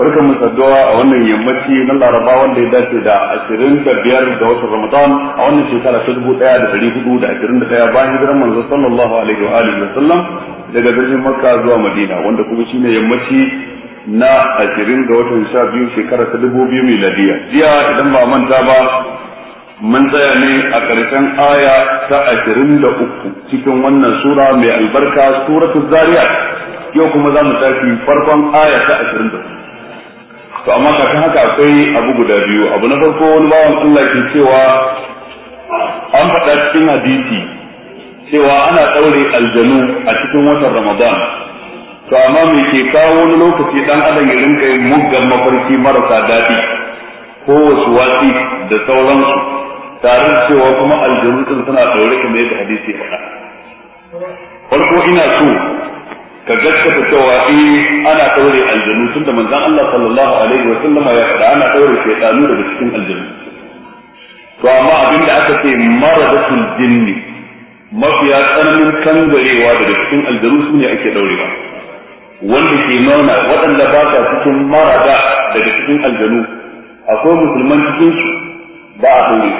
barkan mu saduwa a wannan yammaci na laraba wanda ya dace da ashirin da biyar ga watan ramadan a wannan shekara ta dubu daya da dari hudu da ashirin da daya bayan hijirar manzo sallallahu alaihi wa alihi wa sallam daga birnin makka zuwa madina wanda kuma shine yammaci na ashirin ga watan sha biyu shekara ta dubu biyu miladiya jiya idan ba manta ba mun tsaya ne a ƙarshen aya ta ashirin da uku cikin wannan sura mai albarka suratul zariyat yau kuma za mu tafi farkon aya ta ashirin da uku to amma kafin haka akwai abu guda biyu abu na farko wani bawan Allah ke cewa an faɗa cikin hadisi cewa ana ɗaure aljanu a cikin watan Ramadan to amma me ke kawo wani lokaci dan adam ya rinka yin muggan mafarki marasa daɗi ko wasu watsi da sauransu tare da cewa kuma aljanu din suna ɗaure kamar yadda hadisi faɗa farko ina so ka gaskata cewa eh ana daure aljanu tunda manzon Allah sallallahu alaihi wa sallam ya faɗa ana daure shaytanu daga cikin aljanu to amma abin da aka ce maradatul jinni mafiya tsananin kangarewa daga cikin aljanu su ne ake daurewa wanda ke nuna waɗanda ba sa cikin marada daga cikin aljanu akwai musulman cikin su ba a daure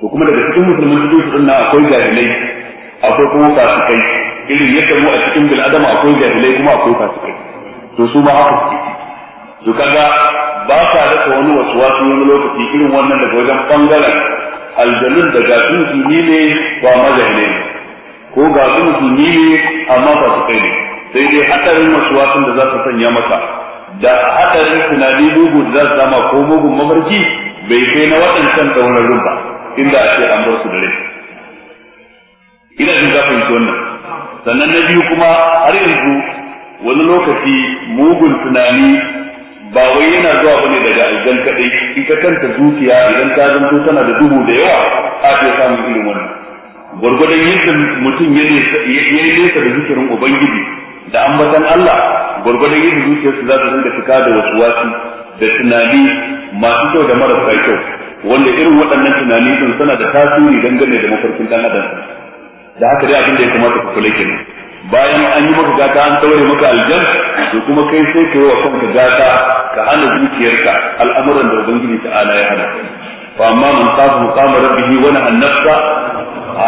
to kuma daga cikin musulman cikin su din akwai jahilai akwai kuma fasikai irin yadda mu a cikin bil adama akwai jahilai kuma akwai fasikai to su ma haka suke to kaga ba sa rasa wani wasu wasu wani lokaci irin wannan daga wajen bangaren aljalin da ga su ni ne ba ma jahilai ne ko ga su ni ne amma fasikai ne sai dai hadarin wasu wasu da za su sanya maka da hadarin tunani dubu da za su zama ko mugun mafarki bai kai na waɗancan tsauraran ba inda a ce an bar su da rai ina jin zafin wannan sannan na biyu kuma har yanzu wani lokaci mugun tunani ba wai yana zuwa bane daga aljan kadai ita kanta zuciya idan ta zanto tana da duhu da yawa a ce samu ilimin wannan gwargwadon yadda mutum ya nesa da zikirin ubangiji da ambatan Allah gwargwadon yadda zuciyarsu za ta dinga cika da wasu wasu da tunani masu kyau da marasa kyau wanda irin waɗannan tunani sun sana da tasiri dangane da mafarkin ɗan adam da haka dai abin da ya kamata ku kula kenan bayan an yi maka gata an daure maka aljan to kuma kai sai ka yi wa kanka gata ka hana zuciyarka al'amuran da ubangiji ala ya hana fa amma man safa muqama rabbihi wa nahana nafsa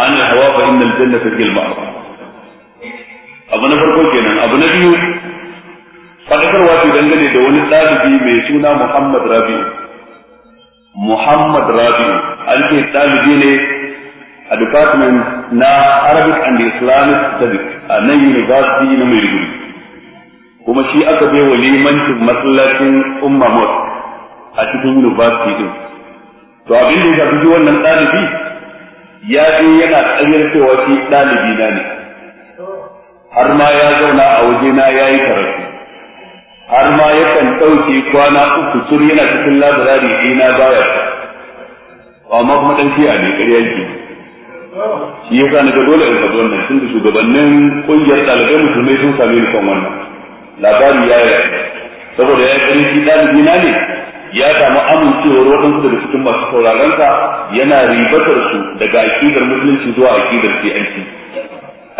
an hawa fa innal jannata fil al abu na farko kenan abu na biyu fadakarwa ce dangane da wani ɗalibi mai suna Muhammad Rabi Muhammad Rabi an ce ɗalibi ne a department na Arabic and Islamic Studies a nan university na Maiduguri kuma shi aka bai wa limancin masallacin Umma mot a cikin university din to abin da ya fi wannan ɗalibi ya je yana tsayar cewa shi ɗalibi na ne har ma ya zauna a waje na ya yi karatu har ma yakan ɗauke kwana uku tun yana cikin labirari ina baya amma kuma ɗan fiya ne ƙarya shi ya na ga dole in faɗi wannan tun da shugabannin kungiyar ɗalibai musulmai sun sami ni kan wannan labari ya yi saboda ya yi ƙarfi ɗalibi na ne ya samu amincewar waɗansu daga cikin masu sauraronsa yana ribatar su daga aƙidar musulunci zuwa aƙidar CNC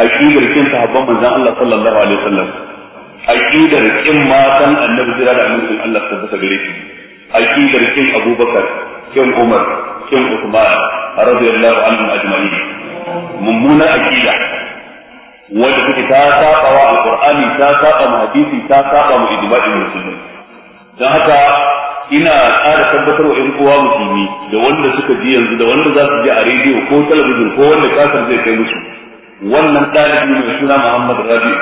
aƙidar kin sahabban manzan Allah sallallahu alaihi wasallam aƙidar kin matan annabi jira da annabi Allah sallallahu gare shi. aƙidar kin Abubakar kin Umar kin Uthman radiyallahu anhu ajma'in mummuna aqida wanda take ta saba wa alqur'ani ta saba mu hadisi ta saba mu ijma'in musulmi dan haka ina ƙara tabbatar wa 'yan uwa musulmi da wanda suka ji yanzu da wanda za su ji a rediyo ko talabijin ko wanda kasar zai kai musu wannan ɗalibi mai suna Muhammad Rabi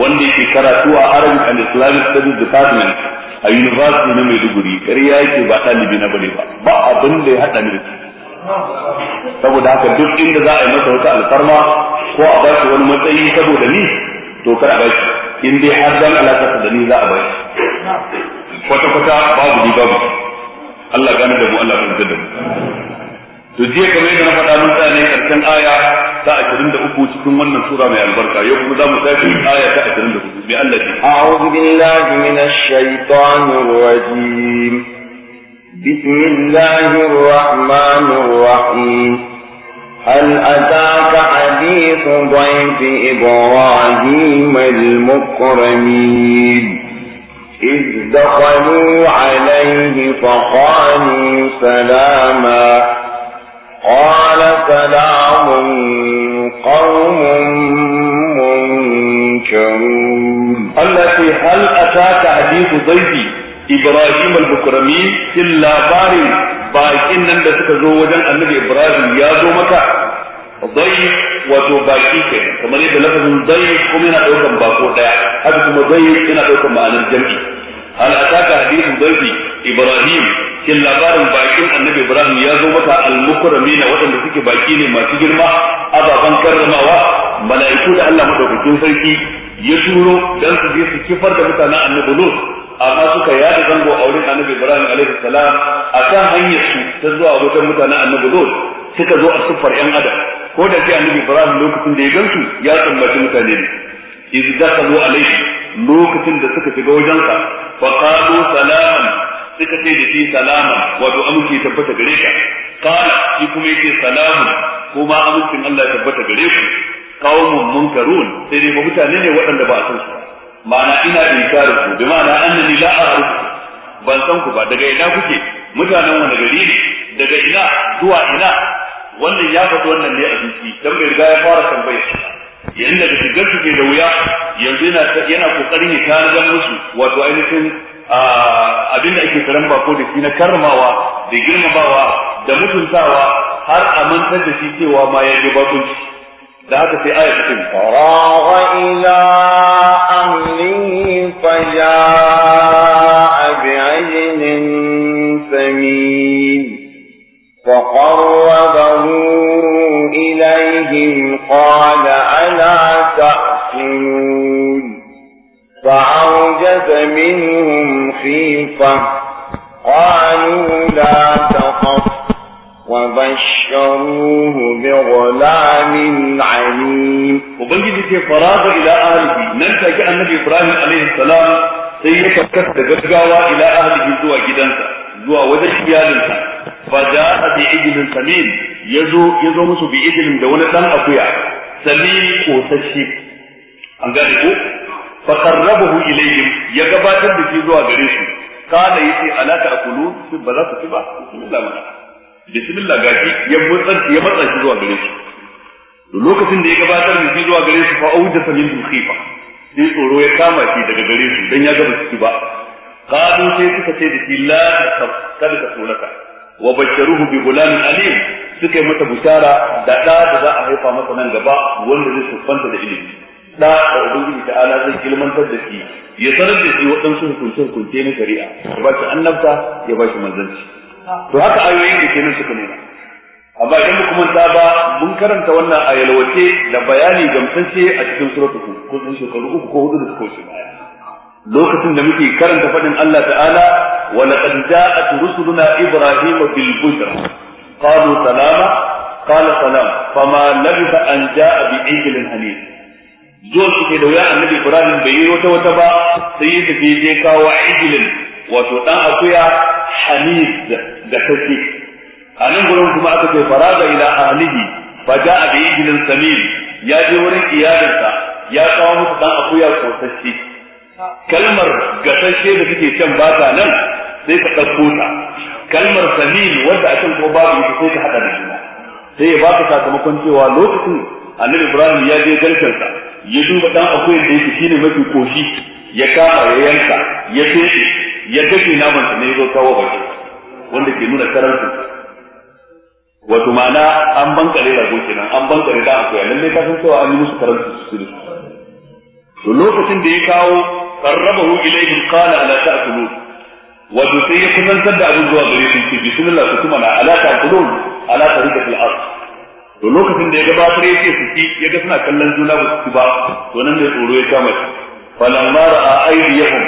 wanda yake karatu a Arabic and Islamic Studies Department a university na Maiduguri ƙarya yake ba ɗalibi na bane ba ba abin da ya haɗa ni da shi saboda haka duk inda za a yi masa wata alfarma ko a ba shi wani matsayi saboda ni to kar a ba shi in dai har zan alaka da ni za a ba shi kwata-kwata babu ni babu Allah gane da mu Allah ya da mu to jiya kamar yadda na faɗa mun tsaya ne karshen aya ta 23 cikin wannan sura mai albarka yau kuma za mu tafi aya ta 24 bi Allah ji a'udhu billahi minash shaitanir rajim bismillahir rahmanir rahim هل أتاك حديث ضيف إبراهيم المكرمين إذ دخلوا عليه فقالوا سلاما قال سلام قوم منكرون التي هل أتاك حديث ضيفي إبراهيم البكرمي إلا اللاباري باكين نند سكزوجا النبي إبراهيم يا مكة ضيف wato baki ke kamar yadda lafazin zai kuma yana daukan bako daya haka kuma zai yana daukan hal ataka hadithu ibrahim kin labarin bakin annabi ibrahim ya zo maka almukramina waɗanda suke baki ne masu girma ababan karramawa mala'iku da Allah madaukakin sarki ya turo dan su je su kifar da mutanen annabi lut amma suka yada zango a wurin annabi ibrahim alaihi salam akan hanyar su ta zuwa wajen mutanen annabi lut suka zo a siffar yan adam ko da sai annabi ibrahim lokacin da ya gansu ya tsammaci mutane idh dakhalu alayhi lokacin da suka shiga wajen ka. fa qalu salaman suka ce da shi salaman wato aminci tabbata gare ka qala shi kuma yake salamun kuma amincin Allah ya tabbata gare ku qaumun munkarun sai dai mutane ne waɗanda ba a san su ma'ana ina inkarin ku bi ma'ana annani la a'rifu ban san ku ba daga ina kuke mutanen wani gari ne daga ina zuwa ina wannan ya faɗi wannan ne a biki dan bai riga ya fara tambayar yanda da shigar su ke da wuya yanzu yana kokarin ya tanadar musu wato ainihin abin da ake karan bako da shi na karmawa da girmamawa da mutuntawa har a mantar da shi cewa ma ya ji bakunci da haka sai aya ta tafi farawa ila amlihi faja'a bi'aynin samin فقربه إليهم قال تأكلون فأوجس منهم خيفة قالوا لا تخف وبشروه بغلام عليم وبنجد في فراغ إلى أهله نلتقى النبي إبراهيم عليه السلام سيفكت تجرجوا إلى أهله زوا جدنسا زوا وجه إيالنسا فجاء بعجل سمين يزو يزو مسو بعجل دون أخويا samin kosashe an gane ko fa qarrabahu ilayhim ya gabatar da shi zuwa gare su kana yace ala ta'kulu shi ba za ku ci ba bismillah ma bismillah gashi ya mutsa ya matsa shi zuwa gare su lokacin da ya gabatar da shi zuwa gare su fa auja samin khifa sai tsoro ya kama shi daga gare su dan ya gaba su ba qalu sai suka ce da shi la kada ka tsoraka wa basharuhu bi gulamin alim suka yi mata bushara da ɗa da za a haifa masa nan gaba wanda zai siffanta da ilimi ɗa da ubangiji ta ala zai ilmantar da shi ya sanar da shi waɗansu hukunce hukunce na shari'a ya ba shi annabta ya ba shi manzanci to haka ayoyin da kenan suka nuna amma idan muka manta ba mun karanta wannan a yalwace da bayani gamsance a cikin suratul kudu shekaru uku ko hudu da suka wuce baya lokacin da muke karanta faɗin Allah ta'ala wa laqad ja'at rusuluna ibrahima bil bushra qalu salama qala salam fama labisa an jaa bi ijlin hanif zo suke da annabi ibrahim bai yi wata wata ba sai ya tafi je kawo ijlin wato dan akuya hanif da sauki a nan gurin kuma aka ce faraga ila ahlihi fa jaa bi ijlin samim ya je wurin iyalinsa ya kawo musu dan akuya kosasshe kalmar gasasshe da suke can ba ta nan sai ka ɗauko kalmar salim wanda a can kuma babu ita sai ka hada da juna sai ya baka sakamakon cewa lokacin annabi ibrahim ya je sa ya duba dan akwai da yake shine mafi koshi ya kama ya yanka ya tsaye ya dace naman sa ne ya zo kawo baki wanda ke nuna karansu wato ma'ana an bankare rago kenan an bankare da akuya lalle ka san cewa an yi musu karanta su to lokacin da ya kawo qarrabahu ilayhim qala ala ta'kulun wato sai ya kusantar da abin zuwa gare shi bismillah ku kuma na alaka kulun ala tariqatil ard to lokacin da ya gabatar ya ce su ci ya ga suna kallon juna ba su ba to nan ne tsoro ya kama shi falamma ra'a aydiyahum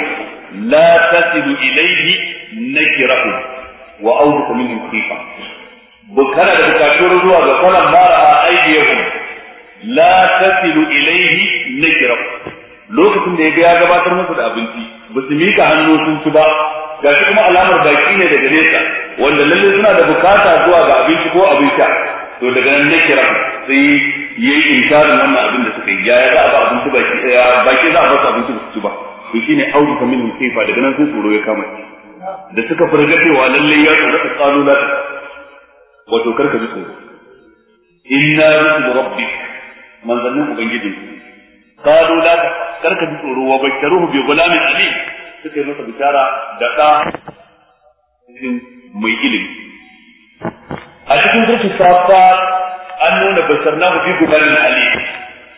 la tasilu ilayhi nakirahu wa awdaka minhum khifa bukana da bukatuwar zuwa ga falamma ra'a aydiyahum la tasilu ilayhi nakirahu lokacin da ya ga ya gabatar musu da abinci ba su mika hannu sun ci ba ga shi kuma alamar baki ne daga nesa wanda lalle suna da bukata zuwa ga abinci ko abin sha to daga nan ne kira sai yayi inkarin wannan abin da suka yi ya za a ba abinci baki eh, baki za a ba su abinci su ba to shine auru kamin min kaifa daga nan sai tsoro ya kama shi da suka furga cewa lalle ya tsoro ta tsalo na ta wato karka ji tsoro inna rabbi rabbi manzannin ubangiji kalu la ta karka ji tsoro wa bakkaruhu bi gulamin alim suka yi masa bishara da ɗa mai ilimi a cikin zurfi safa an nuna basar na hudu gudanin ali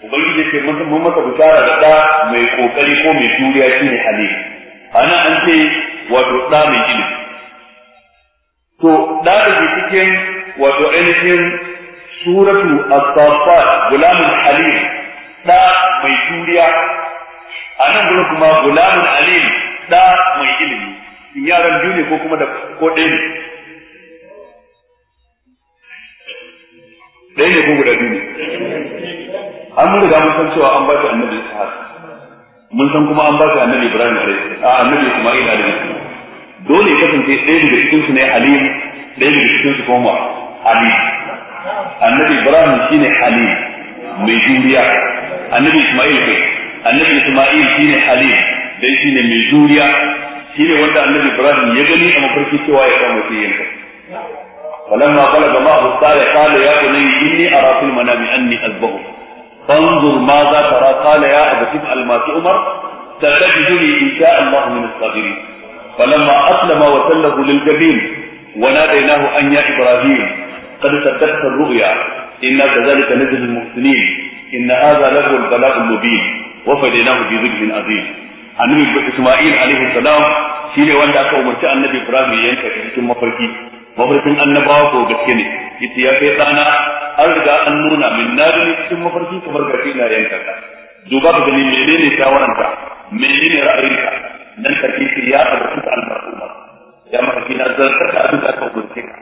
ubangiji ce mun masa bishara da ɗa mai ƙoƙari ko mai juriya ne ali ana an ce wato ɗa mai ilimi to da ke cikin wato ainihin suratu a saffat gulamul halim ɗa mai juriya a nan gurin kuma gulamin alim da mai ilimi in yaran biyu ne ko kuma da ko ɗaya ne ɗaya ne ko guda biyu ne an mun riga mun san cewa an ba shi annabi Ishaq mun san kuma an ba shi annabi Ibrahim alayhi a annabi kuma Isma'il alaihi dole ya kasance ɗaya daga cikin su ne Halim ɗaya daga cikin su kuma Halim annabi Ibrahim shine Halim mai juriya annabi Isma'il kai annabi Isma'il shine Halim dan shine mai juriya shine wanda annabi Ibrahim ya gani a mafarki cewa ya kama sai yanka falamma balaga ma husaya qala ya bunayya inni ara fil manami anni azbahu فانظر ماذا ترى قال يا أبت افعل ما تؤمر ستجدني إن شاء الله من الصابرين فلما أسلم وسله للجبين وناديناه أن يا إبراهيم قد صدقت الرؤيا إنا كذلك نجد المحسنين إن هذا لهو البلاء المبين وفديناه بذبح عظيم annabi Isma'il alaihi salam shine wanda aka umarci annabi Ibrahim ya yanka cikin mafarki mafarkin annabawa ko gaske ne Ita ya kai dana an riga an nuna min na cikin mafarki kamar gaske na yanka ka duba ka gani menene shawaranta menene ra'ayinka nan take ya arzuta al-marhuma ya maka na zartar da abin da aka umarce ka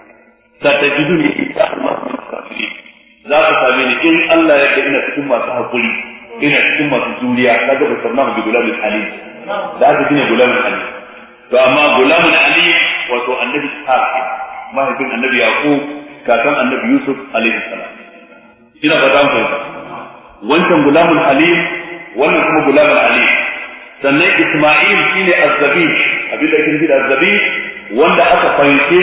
satajiduni insha Allah min sabirin za ka sami ni in Allah ya ga ina cikin masu hakuri ina cikin masu juriya kaga ba sannan bi gulamul Ali. da aka gina gulamul Ali. to amma gulamul Ali, wato annabi ishaq mahaifin annabi yaqub kakan annabi yusuf alaihi salam ina ba dan wancan gulamul Ali, wannan kuma gulamul Ali. sannan isma'il shine azzabi abinda yake nufi da azzabi wanda aka fahimce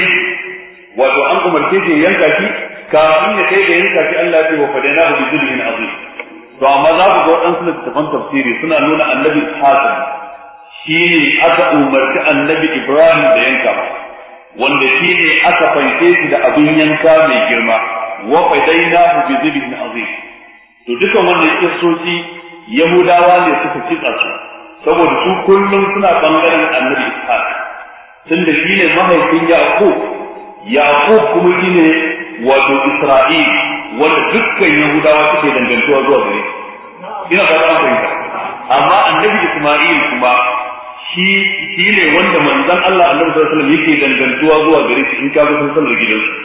wato an umarce shi yanka shi kafin ya kai da yanka shi Allah ya ce wa fadana bi zulmin azim to amma za ku ga waɗansu littattafan tafsiri suna nuna annabi Hassan shi ne aka umarci annabi Ibrahim da yanka wanda shi ne aka fanke shi da abin yanka mai girma wa fadainahu bi dhibhin azim to dukan wannan kissoci Yahudawa ne suka kitsa su saboda su kullum suna bangaren annabi Ishaq tunda shi ne mahaifin Yaqub Yaqub kuma shi ne wato Isra'il wanda dukkan yahudawa suke dangantuwa zuwa gare ina ba za fahimta amma annabi isma'il kuma shi shi ne wanda manzon Allah annabi sallallahu alaihi wasallam yake dangantuwa zuwa gare shi in ka ga sun sallar su.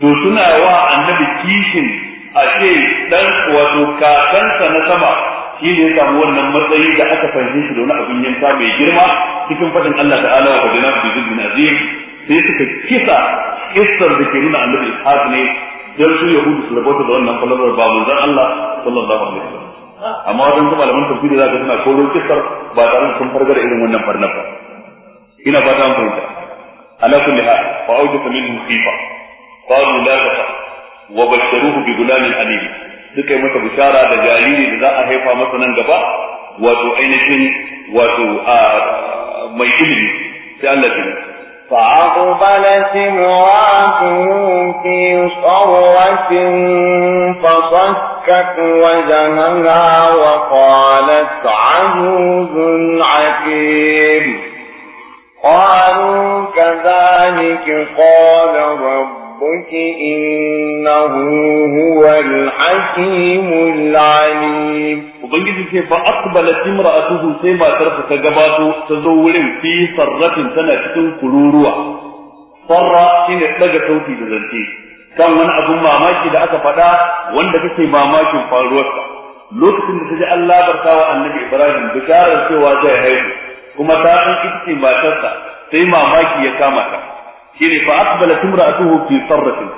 to suna wa annabi kishin a ce dan wato kakansa na sama shi ne ya samu wannan matsayi da aka fahimce shi da wani abin yanka mai girma cikin faɗin Allah ta'ala wa fadina azim sai suka kisa kisar da ke nuna annabi ishaq ne dan su yahudu su rabota da wannan falalar ba manzon Allah sallallahu alaihi wasallam amma wajen su malaman tafsiri za ka suna koro kisar ba tare sun fargar irin wannan farnar ba ina ba ta fahimta ala kulli hal fa awjata minhum khifa qalu la tafa wa basharuhu bi gulamin alim suka yi masa bishara da jariri da za a haifa masa nan gaba wato ainihin wato a mai ilimi sai Allah ya فأقبلت امرأته في صرة فصكت وجهها وقالت عجوز عكيم قالوا كذلك قال رب ربك إنه هو الحكيم العليم ubangiji ce ba aqbala imra'atuhu sai matarsa ta gabato ta zo wurin fi sarratin tana cikin kururuwa sarra shine ɗaga sauti da zance kan wani abun mamaki da aka faɗa wanda kake mamakin faruwarsa lokacin da ta je Allah barka wa annabi Ibrahim bisharar cewa zai haihu kuma ta san ita ce matarsa sai mamaki ya kama ta shine fa aqbalat imra'atuhu fi sarratin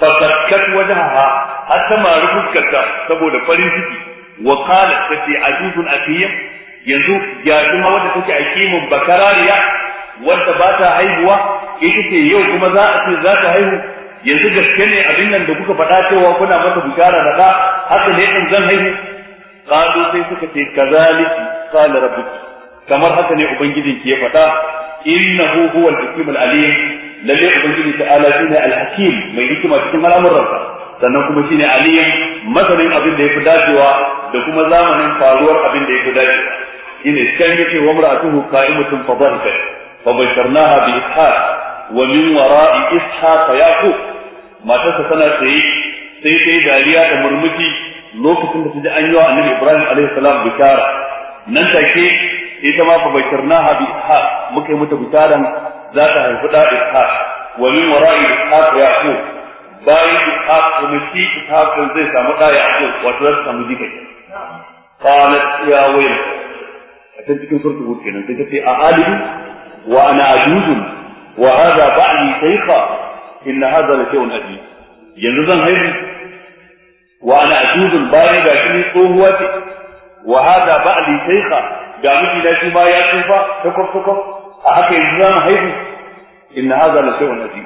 fa sakkat wajhaha hatta ma rufukata saboda farin ciki wa qalat tati azizun akim yanzu ya kuma wanda take akimin bakarariya wanda ba ta haihuwa ita ce yau kuma za a ce za ta haihu yanzu gaske ne abin nan da kuka faɗa cewa kuna mata bishara da ɗa haka ne in zan haihu qalu sai suka ce kazaliki qala rabbuki kamar haka ne ubangijinki ya faɗa innahu huwal hakim alim lalle ubangiji ta'ala shine alhakim mai hikima cikin al'amuransa sannan kuma shine alim masanin abin da yafi dacewa da kuma zamanin faruwar abin da yafi dacewa shine kan yace wa mar'atuhu qa'imatun fa dhahika fa basharnaha bi ishaq wa min wara'i ishaq yaqub matarsa tana tsaye sai sai dariya da murmushi lokacin da ta ji an yi wa annabi ibrahim alaihi salam bishara nan take ita ma fa basharnaha bi ishaq muka yi mata bisharan za ta haifi da ishaq wa min wara'i ishaq yaqub bayan ishaq miti, shi ishaq zai samu da ku wato zai samu jika qalat ya wai a can cikin surtu wuce kenan sai ta ce a alidu wa ana ajuzun wa hadha ba'li shaykha inna hadha la shay'un ajib yanzu zan haihu wa ana ajuzun bayan ga shi tsohuwa ce wa hadha ba'li shaykha ga miji na shi ma ya tsufa ta takwaf a haka yanzu zan haihu inna hadha la shay'un azim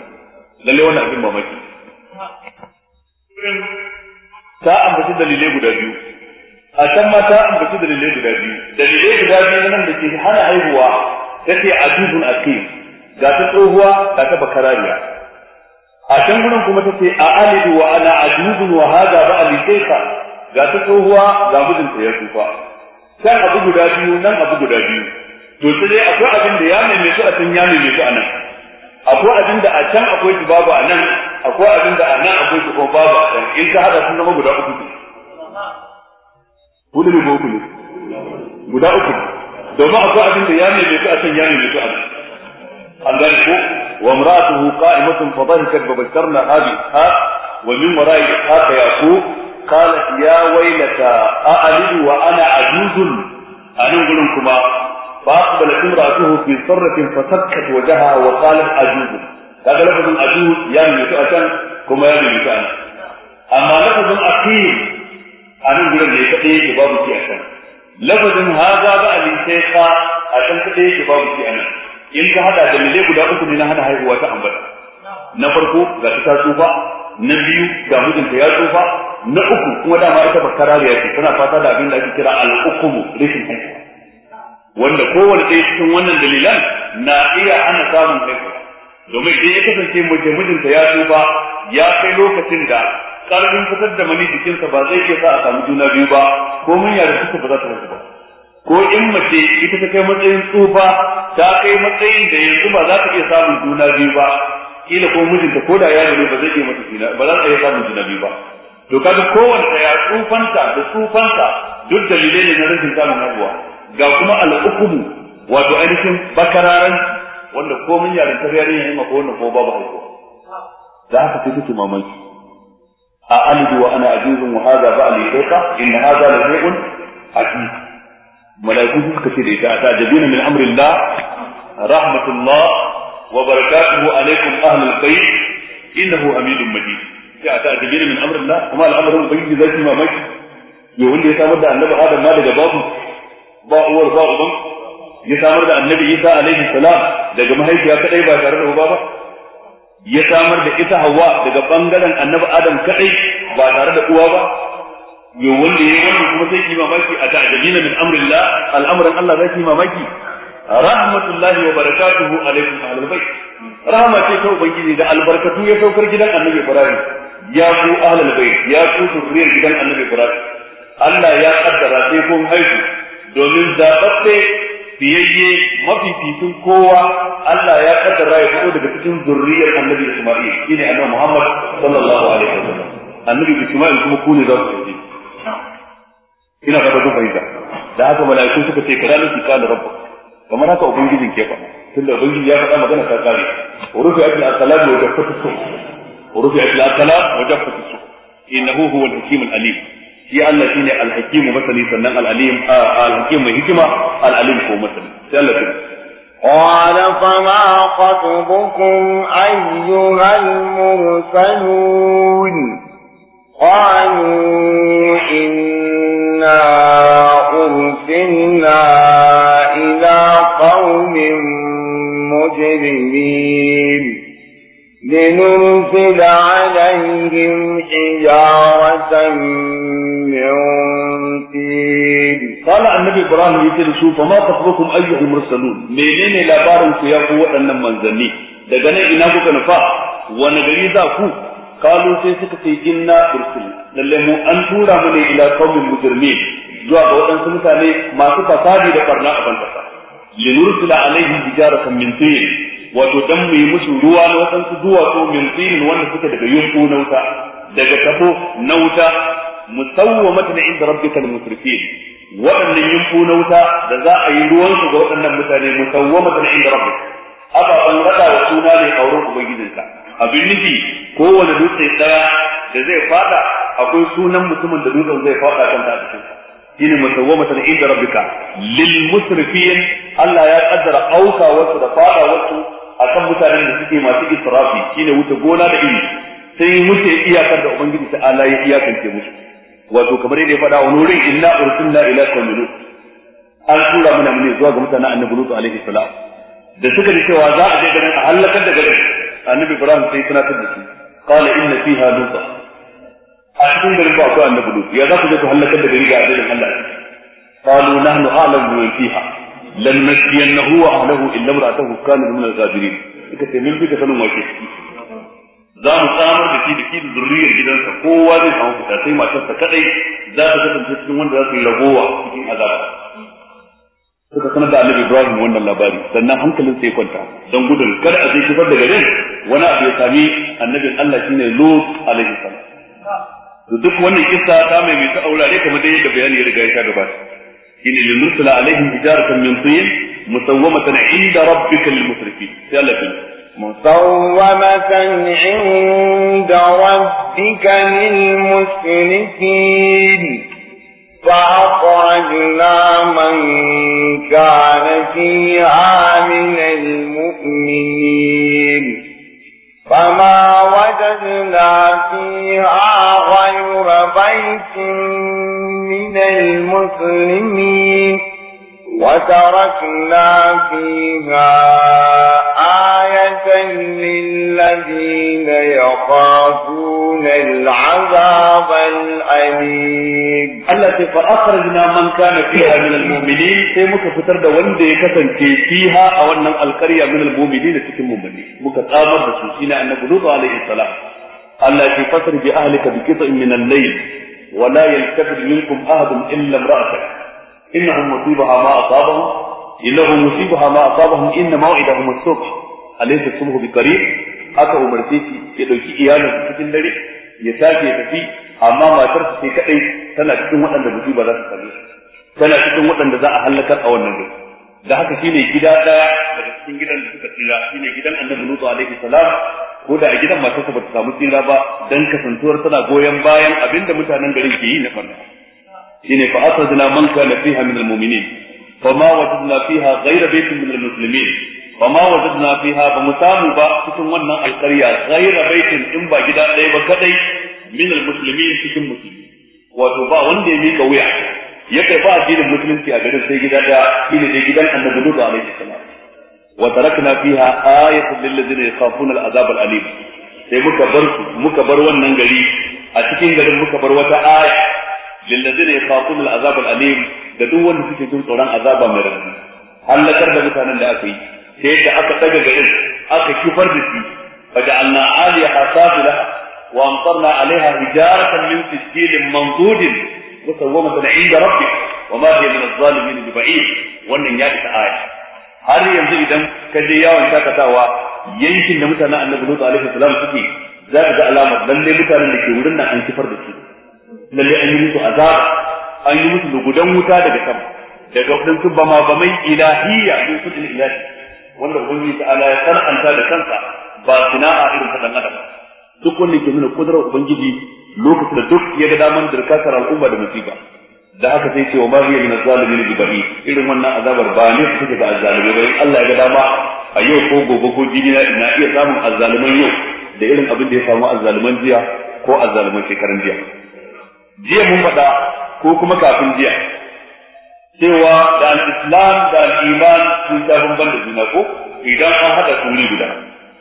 lalle wannan abin mamaki ta ambaci dalile guda biyu a can ma ta ambaci dalilai guda biyu dalilai guda biyu nan da ke hana haihuwa take azizun akim ga ta tsohuwa ga ta bakarariya a can gurin kuma ta ce a alidu wa ana azizun wa hadha ba alisaika ga ta tsohuwa ga mijinta ya tsufa can abu guda biyu nan abu guda biyu to sai dai akwai abin da ya maimaitu a can ya maimaitu a nan akwai abin da a can akwai shi babu a nan akwai abin da a nan akwai shi kuma babu a can in ka hada sun zama guda uku ne hudu ne uku ne guda uku domin akwai abin da ya nemi su a can ya nemi su a nan an gani ko wa mar'atuhu qa'imatun fa dhahikat wa na abi ha wa min wara'i haka yaqub qalat ya waylata a'lidu wa ana ajuzun anan gurin kuma فأقبلت امرأته في صرة فسكت وجهها وقالت أجوز هذا لفظ أجوز يعني يتأتى كما يعني يتأتى أما لفظ أخير أنا أقول لك إيه باب كي لفظ هذا بقى للشيخة أتم إيه باب كي أنا إن كهذا دليل قد أقول لنا هذا هو تأمل نفرقه لا تتعطوها na biyu ga mijinta ya tsufa na uku kuma dama ita ba karariya ce tana fata da abin da ake kira al'ukumu rashin haihuwa wanda kowane ɗaya cikin wannan dalilan na iya ana samun haihuwa domin idan ya kasance mace mijinta ya tuba ya kai lokacin da ƙarfin fitar da mani jikinsa ba zai iya sa a samu juna biyu ba ko mun yare suka ba za ta haihu ba ko in mace ita ta kai matsayin tsufa ta kai matsayin da yanzu ba za ta iya samun juna biyu ba kila ko mijinta ko da ya ne ba zai iya mata juna ba za ta iya samun juna biyu ba to kaga kowanne ya tsufanta da tsufanta duk dalilai ne na rashin samun haihuwa ga kuma al'ukumu wato ainihin bakararan wanda komin yaren ta yare yin mako wannan ko babu haihuwa da haka sai take mamaki a alidu wa ana ajizun wa hadha ba'li shayqa in hadha la shay'un ajib malaiku suka ce da ita ta jabina min amrillah rahmatullah wa barakatuhu alaikum ahlul bayt innahu hamidum majid sai ta jabina min amrillah kuma al'amrun bayyin zaki mamaki yo wanda ya samar da annabi adam ma daga babu ba uwar ba uban ya samar da annabi isa alaihi salam daga mahaifiya kadai ba tare da uba ba ya samar da ita hawa daga bangaren annabi adam kadai ba tare da uwa ba yo wanda yayi wannan kuma sai ki mamaki a ta'jabina min amrillah al'amran Allah zai ki mamaki rahmatullahi wa barakatuhu alaikum ahlul bait rahama ce ta ubangiji da albarkatu ya saukar gidan annabi ibrahim ya ku ahlul bait ya ku zuriyar gidan annabi ibrahim Allah ya kaddara sai kun haihu domin zaɓaɓɓe fiyayye mafificin kowa Allah ya kaddara ya fito daga cikin zurriyar annabi Isma'il shine annabi Muhammad sallallahu alaihi wasallam annabi Isma'il kuma ku ne za ku yi ina fata kun fahimta da haka mala'iku suka ce kana laki kana rabbuka kamar haka ubangijin ke faɗa tunda ubangiji ya faɗa magana ta kare ajli akil salam wa jaffatu su ajli akil salam wa jaffatu su innahu huwa al-hakim al-alim shi Allah shine al-hakim masani sannan al-alim al-hakim mai hikima al-alim ko masani sai Allah ta قال fama qatubukum ayyuhal mursalun قالوا inna ursilna ila qaumin mujrimin لنرسل عليهم حجارة من طين قال النبي إبراهيم يتل شوف فما خطبكم أيها المرسلون منين لابارك يا قوة أن منزلني daga nan ina kuka nufa wani gari za ku kalu sai suka ce inna ursil lalle mu an tura mu ne ila qaumin mujrimin zuwa ga waɗansu mutane masu fasadi da barna a ban wato dan mu yi musu ruwa na waɗansu duwatsu min tsinin wanda suke daga yunku na wuta daga tabo na wuta musawwamatan inda rabbikal musrifin waɗannan yunku na wuta da za a yi ruwan su ga waɗannan mutane musawwamatan inda rabbik ababan rada da suna ne a wurin ubangijinka abin nufi kowane dutse ɗaya da zai fada akwai sunan mutumin da dutsen zai fada kan ta cikin shine musawwamatan inda rabbika lil musrifin Allah ya kaddara auka wasu da fada wasu akan mutanen da suke masu israfi shine wuce gona da iri sai wuce iyakar da ubangiji ta ala ya iyakance musu wato kamar yadda ya faɗa wa nurin inna ursilna ila qaumin an tura mana mun zuwa ga mutanen annabi lutu alaihi salam da suka ji cewa za a je garin a halakar da garin annabi ibrahim sai tunatar da su qala inna fiha lutu a cikin garin ba akwai annabi lutu ya za ku je ku halakar da gari ga addinin Allah qalu nahnu a'lamu fiha lan nasiyannahu wa ahlihi illa imra'atahu kana min al-ghabirin ita ce min kika sanin wace za mu samar da shi da shi da zurriyar gidansa kowa zai samu fita sai matarsa kadai za ta kasance cikin wanda za su yi ragowa cikin azaba suka sanar da annabi ibrahim wannan labari sannan hankalin sai kwanta don gudun kada a je kifar da garin wani abu ya sami annabin allah shine lut alaihi salam to duk wannan kissa ta mai mai ta aurare kamar dai yadda bayani ya riga ya gabata إن لنرسل عليهم حجارة من طين مسومة عند ربك للمسرفين سأل مسومة عند ربك للمسرفين فأخرجنا من كان فيها من المؤمنين فما وجدنا فيها غير بيت من المسلمين وتركنا فيها آية للذين يخافون العذاب الأليم التي فأخرجنا من كان فيها من المؤمنين سي مكا فتر دا وندي كتن فيها أو أن القرية من المؤمنين تكون مؤمنين مكا تامر رسول سينا أن نبلوغ عليه السلام الله في فتر بأهلك بكثر من الليل ولا يلتفت منكم أحد إلا امرأتك إنهم مصيبها ما أصابهم إنه مصيبها ما أصابهم إن موعدهم الصبح أليس الصبح بقريب haka umarce shi ya ɗauki iyalinsa cikin dare ya sake ya tafi amma matarsa sai kaɗai tana cikin waɗanda musiba za su same shi tana cikin waɗanda za a halakar a wannan gari da haka shine gida ɗaya daga cikin gidan da suka tsira shine gidan annabi Nuhu alaihi salam ko da a gidan matarsa ba ta samu tsira ba dan kasantuwar tana goyon bayan abinda mutanen garin ke yi na farko shine fa asadna man kana fiha min almu'minin ma wajadna fiha ghayra baytin min almuslimin ma wajadna fiha ba mu samu ba cikin wannan alqarya ghayra baytin in ba gida ɗaya ba kadai min almuslimin cikin musulmi wato ba wanda ya mika wuya ya kai ba addinin musulunci a garin sai gida ɗaya shine dai gidan annabi Nuhu alaihi salam wa tarakna fiha ayatan lil ladina yakhafuna al azab al alim sai muka bar muka bar wannan gari a cikin garin muka bar wata aya lil ladina yakhafuna al azab al da duk wanda suke jin tsoron azaba mai rauni halakar da mutanen da aka yi sai da aka daga garin aka kifar da shi faja'alna aliyaha safilaha wa amtarna alaiha hijaratan min sijilin mandudin musawwamatan inda rabbik وما هي من الظالمين wannan ya يا aya. har yanzu idan ka je yawon shakatawa yankin da mutanen annabi lutu alaihi salam suke za ka ga alamar lalle mutanen da ke wurin nan an kifar da su lalle an yi musu azaba an yi musu lugudan wuta daga sama daga wadansu bama bamai ilahiyya min kudin ilahi wanda ubangiji ta'ala ya sana'anta da kansa ba sana'a irin ta dan adam duk wanda ke nuna kudurar ubangiji lokacin da duk ya ga damar dirkakar al'umma da musiba da aka sai ce wa ba hiya min zalimin irin wannan azabar ba ne take ga azzalimai ba Allah ya ga dama a yau ko gobe ko jini na iya samun azaluman yau da irin abin da ya samu azaluman jiya ko azaliman shekaran jiya jiya mun faɗa ko kuma kafin jiya cewa da al-islam da al-iman sun ta bamban da juna ko idan an haɗa turi guda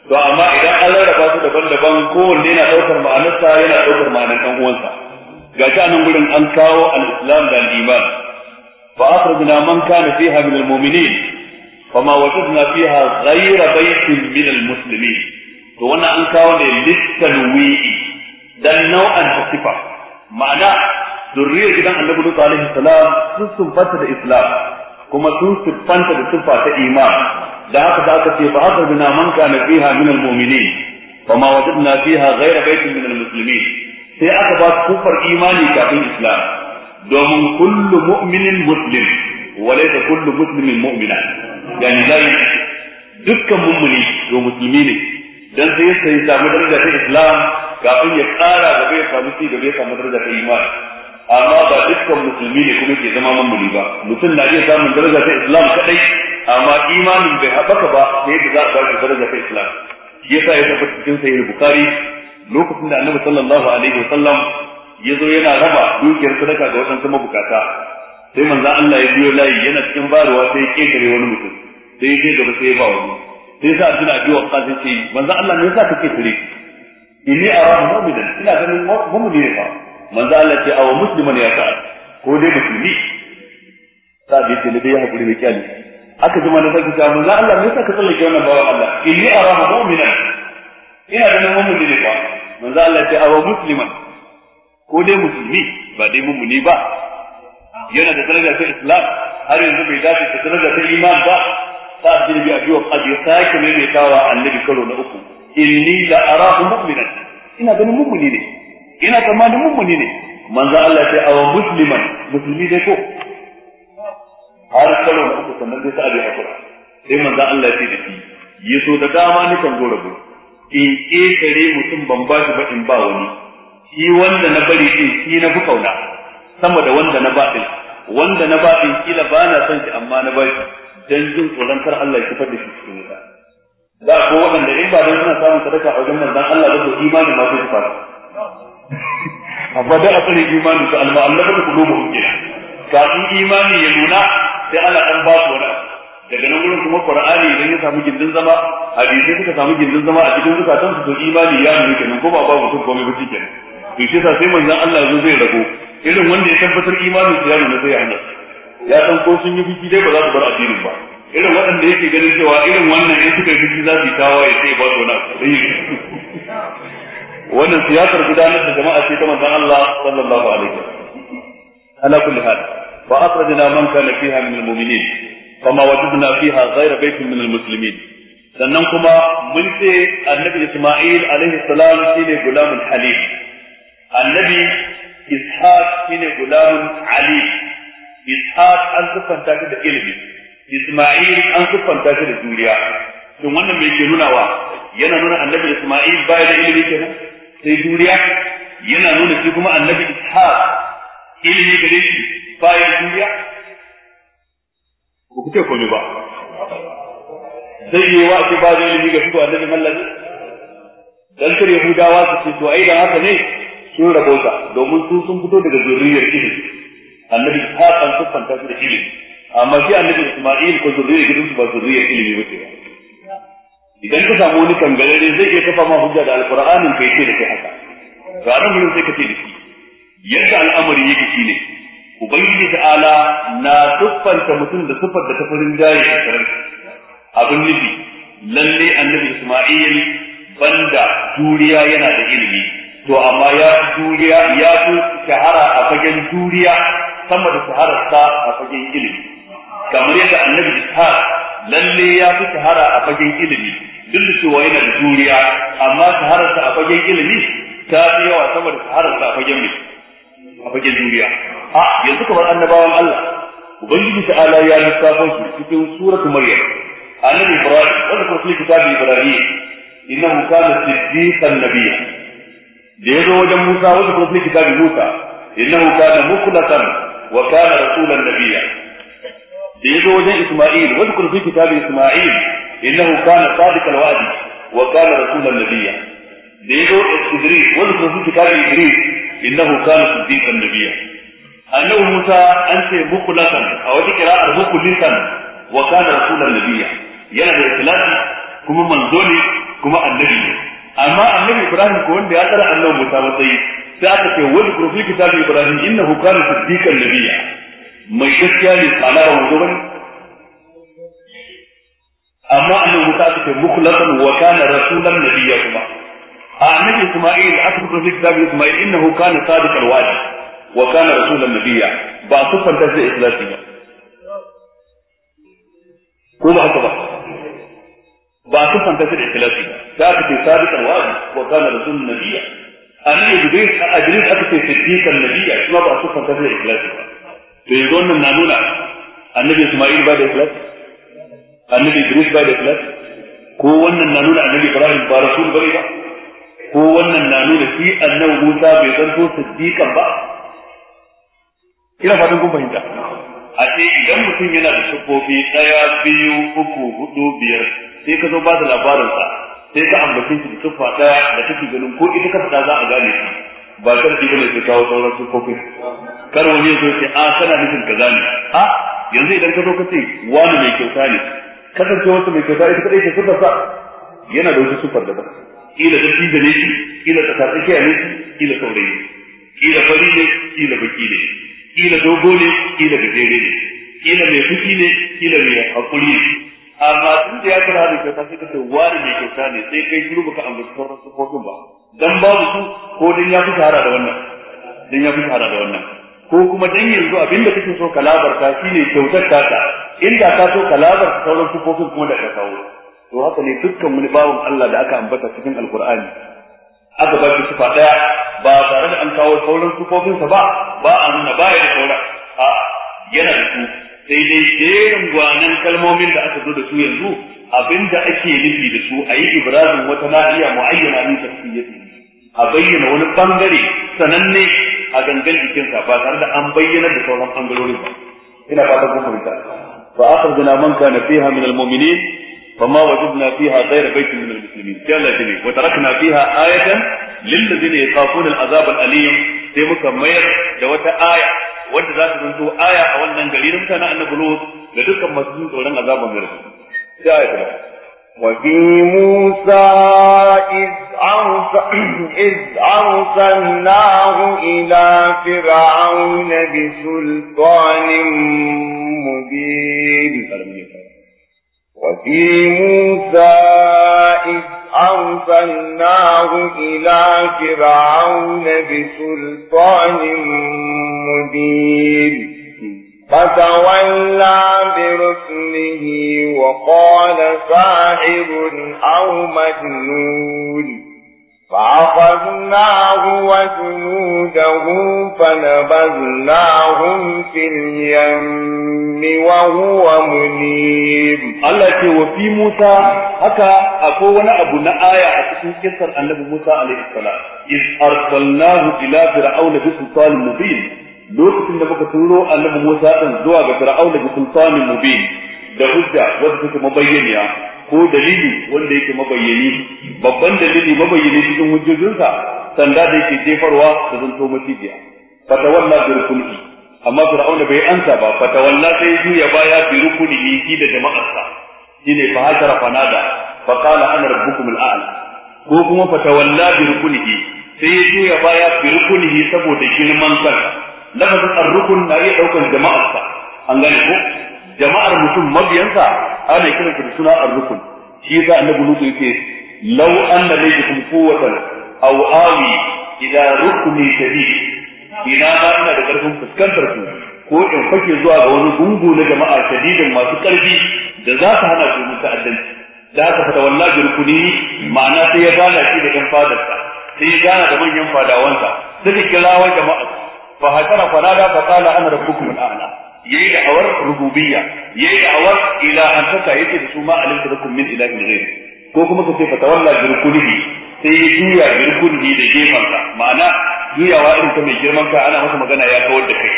to amma idan an rarraba su daban-daban kowanne yana ɗaukar ma'anarsa yana ɗaukar ma'anar ɗan uwansa ga shi anan gurin an kawo al-islam da al-iman fa akhrajna man kana fiha min al-mu'minin Fa ma wajadna fiha ghayra baytin min al-muslimin to wannan an kawo ne wi'i. dan nau'an sifa ma'ana zurriyar gidan annabi Lut alaihi salam sun sunfanta da islam kuma sun sunfanta da sifa ta iman da haka da aka ce fa akhrajna man kana fiha min al-mu'minin fama wajadna fiha ghayra baytin min al-muslimin sai aka ba su kufar imani kafin islam domin kullu mu'minin muslim wa laysa kullu muslimin mu'mina yani dai dukkan mummuni to musulmi ne dan sai sai samu daraja ta islam kafin ya tsara da bai samu ci da ya samu daraja ta imani amma ba dukkan musulmi ne kuma ke zama mummuni ba mutum na iya samun daraja ta islam kadai amma imanin bai haɓaka ba sai da za a ba daraja ta islam yasa ya tabbata cikin sahih bukhari lokacin da annabi sallallahu alaihi wasallam ya zo yana raba dukiyar sadaka ga waɗansu mabukata sai manzo Allah ya biyo layi yana cikin baruwa sai ya ketare wani mutum sai ya gaba sai ya ba wani sai sa tuna biyo wa kasin ce manzo Allah me yasa kake tare inni arahu mu'minan ina ganin mu'mini ne fa manzo Allah ce aw musliman ya ka ko dai musulmi sabi ce ne dai ya hakuri ne kyali aka ji manzo sai ka manzo Allah me yasa ka tsallake wannan bawan Allah inni arahu mu'minan ina da nan mummuni ne ba manzo Allah ya ce awa musliman ko dai musulmi ba dai mummuni ba yana da daraja ta islam har yanzu bai dace da daraja ta iman ba ta abin bi abi wa qadi sake ne ne tawa annabi karo na uku inni la arahu mu'minan ina ganin mummuni ne ina tsammanin mummuni ne manzo Allah ya ce awa musliman musulmi dai ko har karo na uku sannan sai ta abi hakura sai manzo Allah ya ce da shi yaso da dama ni kan gora rabu in ƙetare mutum ban ba shi ba in ba wani shi wanda na bari din shi na fi kauna sama da wanda na ba wanda na ba kila ba na son shi amma na bari shi dan jin tsoron kar Allah ya kifar da shi cikin wuta da ko waɗanda in ba dan suna samun sadaka a wajen dan Allah da to imani ma zai fara amma da asalin imani ba al-mu'allafatu qulubuhum ka kafin imani ya nuna sai Allah dan ba su wani abu daga nan wurin kuma qur'ani idan ya samu gindin zama hadisi suka samu gindin zama a cikin zukatan su to imani ya nuna kenan ko ba ba mutum komai ba kenan to shi sai manzon Allah zo zai rago irin wanda ya tabbatar imanin su ya nuna sai ya hana ya san ko sun yi fiki dai ba za su bar addinin ba irin waɗanda yake ganin cewa irin wannan in suka yi fiki za su yi tawaye sai ba su na wannan siyasar gudanar da jama'a ce ta manzon Allah sallallahu alaihi wasallam ala kulli hal wa akhrajna man kana fiha min al-mu'minin fama wajibna fiha ghayra baitin min almuslimin sannan kuma mun ce annabi Isma'il alaihi salam shine gulamun halim annabi Ishaq shine gulamun alim Ishaq an siffanta shi da ilimi Isma'il an siffanta shi da juriya shin wannan me ke nuna wa yana nuna annabi Isma'il baya da ilimi kenan sai juriya yana nuna shi kuma annabi Ishaq ilimi gare shi baya da juriya ba ku ce komai ba zai yi wa ce ba zai yi ga fito annabi mallami dan kar yahudawa su ce to ai da haka ne sun rabota domin su sun fito daga zuriyar ilimi annabi ta kan tafi su da ilimi amma shi annabi isma'il ko zuriyar su ba zuriyar ilimi ba ce ba idan ka samu wani kangarare zai iya kafa ma hujja da alqur'anin kai ce da kai haka ga annabi sai ka ce da shi yadda al'amari yake ne. ubangiji ta'ala na tuffanta mutum da siffar da tafarin jaye a karar abin nufi lalle annabi isma'il banda juriya yana da ilimi to amma ya juriya ya fi shahara a fagen juriya sama da shahararsa a fagen ilimi kamar yadda annabi ishaq lalle ya fi shahara a fagen ilimi duk da cewa yana da juriya amma shahararsa a fagen ilimi ta fi yawa sama da shahararsa a fagen mai a fagen duniya a yanzu kamar annabawan Allah ubangiji ta'ala ya lissafo su cikin suratul maryam annabi ibrahim wanda kuma fi kitabi ibrahim innahu kana siddiqan nabiyya da yazo wajen musa wanda kuma fi kitabi musa innahu kana mukhlasan wa kana rasulan nabiyya da yazo wajen isma'il wanda kuma fi kitabi isma'il innahu kana sadiqal wa'di wa kana rasulan nabiyya da yazo idris wanda kuma fi kitabi idris innahu kana siddiqan nabiyya annabi Musa an ce mukulatan a wata kira'ar mukulisan wa kana rasulan nabiyya yana da ikhlasi kuma manzo ne kuma annabi ne amma annabi Ibrahim ko wanda ya tsara annabi Musa matsayi sai aka ce wani kurfi kitabu Ibrahim innahu kana siddiqan nabiyya mai gaskiya ne tsala ba wanzo bane amma annabi Musa aka ce mukulatan wa kana rasulan nabiyya kuma عن آه، اسماعيل اكبر في كتاب اسماعيل انه كان صادق الوعد وكان رسولا نبيا باصفا تجد اخلاصيا كل هذا بقى باصفا تجد اخلاصيا كانت صادق الوعد وكان رسولا نبيا أنا جبريل أجريد أكتب في الدين النبي ما بأصفا تجد إخلاصه فيقول من نانونا النبي إسماعيل بعد إخلاص النبي إدريس بعد إخلاص كون من نانونا النبي إبراهيم بارسول بريبا ko wannan na nuna shi annabi Musa bai san to siddiqan ba ina fatan kun fahimta a ce idan mutum yana da siffofi ɗaya biyu uku hudu biyar sai ka zo ba da labarinsa sai ka ambaci shi da tuffa ɗaya da kake ganin ko ita ka fada za a gane shi ba karfi bane sai kawo sauran siffofin kar wani zo sai a kana nufin kaza ne a yanzu idan ka zo ka ce wani mai kyauta ne kasance wasu mai kyauta ita kadai ce siffarsa yana da wasu da ba kila da tija ne kila ta tsakiya ne kila saurayi kila fari ne kila baki ne kila dogo ne kila gajere ne kila mai fuki ne kila mai hakuri ne amma tun da ya fara da kyauta sai ka ce wani mai kyauta ne sai kai shiru baka ambaci sauran sufofin ba dan babu su ko dan ya fi shahara da wannan dan ya fi shahara da wannan ko kuma dan yanzu abinda kake so ka labarta shine kyautar ta inda ka so ka labarta sauran sufofin kuma da ka kawo to haka ne dukkan wani bawan Allah da aka ambata cikin alkur'ani aka ba shi sifa daya ba tare da an kawo sauran sufofinsa ba ba a nuna ya da sauran a yana da su sai dai jerin gwanan kalmomin da aka zo da su yanzu abinda ake nufi da su a yi wata na'iya mu'ayyana min tafsiyati a bayyana wani bangare sananne a gangan jikinsa ba tare da an bayyana da sauran bangarorin ba ina fatan kun fahimta fa akhrajna man kana fiha min al فما وجدنا فيها غير بيت من المسلمين جل جلاله وتركنا فيها آية للذين يخافون العذاب الأليم sai muka mayar da wata aya wanda za ta zanto aya a wannan gari na mutanen annabi Lut da dukkan masu jin tsoron azaban gari sai aya ta وفي موسى إذ أرسلناه إلى فرعون بسلطان وفي موسى إذ أرسلناه إلى فرعون بسلطان مبين فتولى برسله وقال ساحر أو مجنون فأخذناه وجنوده فنبذناهم في اليم وهو مليم الله يقول وفي موسى هكا أكون أبونا آية أتكون كسر النبي موسى عليه السلام إذ أرسلناه إلى فرعون بسلطان مبين لوكس النبي تورو النبي موسى زوى فرعون بسلطان مبين da hujja wanda take mabayyaniya ko dalili wanda yake mabayyani babban dalili mabayyani cikin hujjojinsa sanda da yake jefarwa da zanto matijiya fatawalla bi rukuni amma fir'auna bai ansa ba fatawalla sai juya baya bi rukuni ki da jama'arsa shine fa hajara fanada fa qala ana rabbukum al'ala ko kuma fatawalla bi rukuni sai ya juya baya bi rukuni saboda girman kansa lafazin ar-rukun na iya daukan jama'arsa an gane ko jama'ar mutum mabiyansa ana kiran su da suna ar-rukun shi yasa annabi lutu yake law anna laykum quwwatan aw awi ila rukni shadid ina ba ina da karfin fuskantar ku ko in fake zuwa ga wani gungu na jama'a shadidin masu karfi da za ta hana su muta'addanci da aka fata wallahi rukuni ma'ana sai ya gana shi da yan fadarsa sai ya gana da manyan fadawansa suka kira wa jama'a fa hakara fanada fa qala ana rabbukum ala yayi da'awar rububiyya yayi da'awar ilahantaka yake da su ma alimta lakum min ilahin ghayr ko kuma ka ce tawalla bi rukunihi sai ya juya bi rukunihi da sa ma'ana juyawa irin ta mai girman ka ana masa magana ya kawar da kai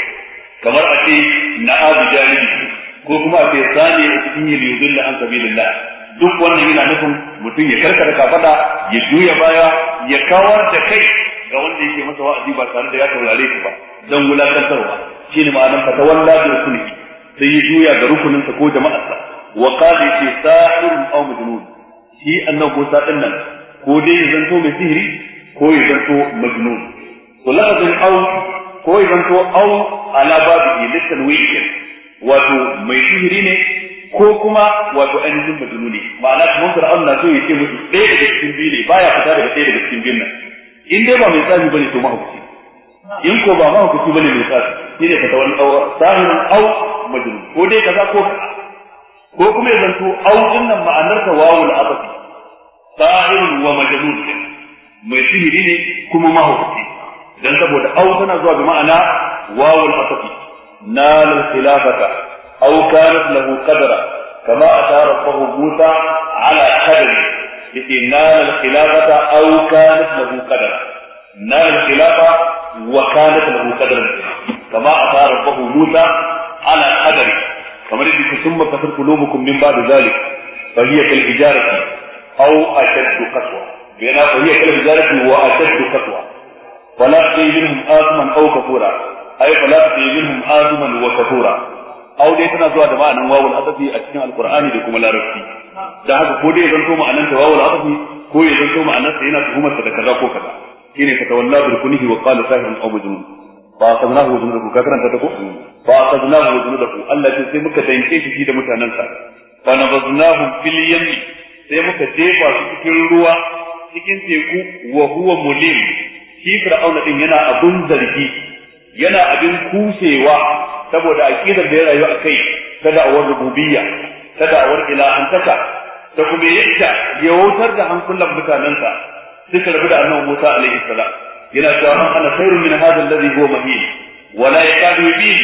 kamar a ce na'azu janibi ko kuma a ce sani ismi da an sabilillah duk wannan yana nufin mutum ya karkata kafada ya juya baya ya kawar da kai ga wanda yake masa wa'azi ba tare da ya taurare shi ba don wulakantarwa shi ne ma'anar fa tawalla bi rukunihi sai ya juya ga rukuninsa ko jama'arsa wa qala fi sa'ir aw majnun shi annabi Musa din nan ko dai ya zanto mai sihiri ko ya zanto majnun to lafazin aw ko ya zanto aw ala babihi litanwiyin wato mai sihiri ne ko kuma wato ainihin majnuni ma'ana kamar fir'aun na so ya ce musu ɗaya daga cikin biyu ne baya fita daga ɗaya daga cikin biyun nan in dai ba mai tsafi bane to mahaukaci in ko ba ma kuci bane mai tsari shi ne fata wani tsawo sahirin au majnun ko dai kaza ko kaza ko kuma ya zanto au din nan ma'anar ta wawul abadi sahirin wa majnun mai sihiri ne kuma ma hukuci dan saboda au tana zuwa ga ma'ana wawul abafi nal khilafata au kanat lahu qadra kama atara rabbahu buta ala qadri yake nal khilafata au kanat lahu qadra nal khilafata وكانت له قدرا كما أتى ربه موسى على قدره كما يقول ثم كثر قلوبكم من بعد ذلك فهي كالحجارة أو أشد قسوة بينا فهي كالحجارة وأشد قسوة فلا تطيع منهم آثما أو كفورا أي فلا تطيع منهم آثما وكفورا أو دي تنا زوا دماء نواو الأطفي أتنى القرآن لكم لا رفتي ده هذا كودي يزنتو معنى تواو الأطفي كودي يزنتو معنى سينا تهمة تذكرا كوكذا shine ka tawalla bi rukunihi wa qala sahirun aw majnun fa akhadnahu wa junudahu ka karanta ta ko fa akhadnahu wa junudahu Allah ce sai muka danke shi da mutanansa fa nabaznahu fil yammi sai muka jefa su cikin ruwa cikin teku wa huwa mulim shi fir'auna din yana abun zargi yana abin kusewa saboda aqidar da ya rayu kai ta da'awar rububiyya ta da'awar ilahantaka da kuma yadda ya wautar da hankulan mutanensa suka rabu da annabi Musa alaihi salam yana cewa man ana khairun min hadha alladhi huwa mahin wa la yakadu yubin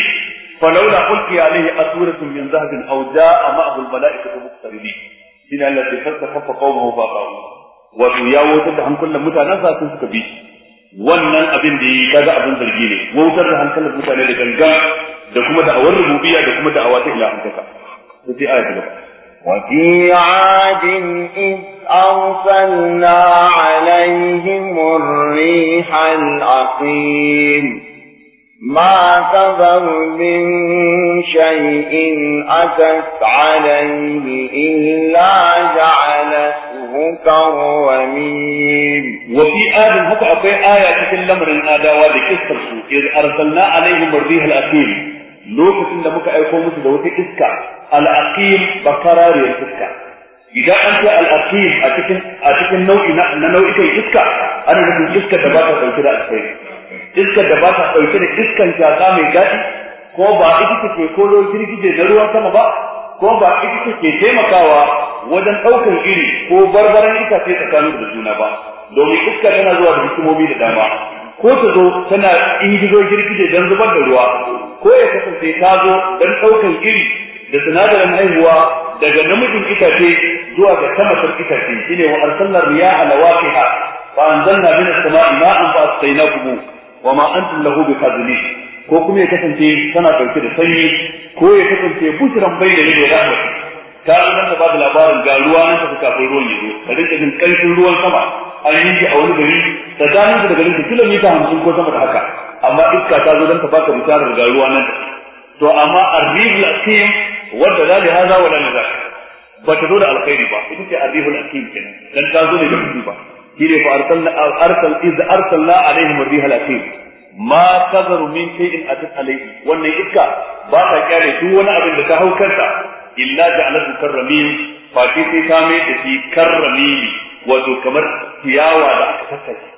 falawla ulqiya alaihi aswaratun min dhahabin aw jaa ma'ahu almala'ikatu muqtaribin shine Allah ya falsafa qawmuhu fa qawu wato ya wutar da hankulan mutanen sa suka bi wannan abin da yi kaga abin zargi ne wutar da hankulan mutane da ganga da kuma da kuma وفي عاد إذ أرسلنا عليهم الريح العقيم ما تذر من شيء أتت عليه إلا جعلته كالرميم وفي آدم هكا آية تكلم من آدم وذكر إذ أرسلنا عليهم الريح العقيم lokacin da muka aiko musu da wata iska al'aqim bakarariyar iska idan an ce al'aqim a cikin a cikin nau'i na nau'ikan iska ana nufin iska da ba ta dauke da alkhairi Iska da ba ta dauke da iskan shaka mai gadi ko ba ita take koro girgije na ruwan sama ba ko ba ita take taimakawa wajen ɗaukan iri ko barbaran itace tsakanin da juna ba domin iska tana zuwa da hikimomi da dama ko ta zo tana ingizo girgije don zubar da ruwa ko ya kasance ta zo don ɗaukar iri da sinadarin haihuwa daga namijin itace zuwa ga samasar itace shine wa arsalna riyaha lawaqiha fa anzalna min as-sama'i ma'an fa asqaynakum wa ma antum lahu bikazinin ko kuma ya kasance tana ɗauke da sanyi ko ya kasance bushran bai da rahmatu ta zama ba da labarin ga ruwa nan ta kafin ruwan ya zo ka rinka jin ƙarfin ruwan sama an yi a wani gari tsakanin da garin kilomita hamsin ko sama da haka amma iska ta zo don ta baka misalar ga ruwa nan to amma arribul aqim wanda la li hadha wala li dhaka ba ta zo da alkhairi ba ita ce arribul aqim kenan dan ta zo ne da kudi ba shine fa arsalna arsal iz arsalna alaihim arribul aqim ma kazaru min shay'in atat alaihi wannan iska ba ta kyale duk wani abin da ta hau kanta illa ja'alahu karramin fa sai ta mai da shi karramimi wato kamar ciyawa da aka tattake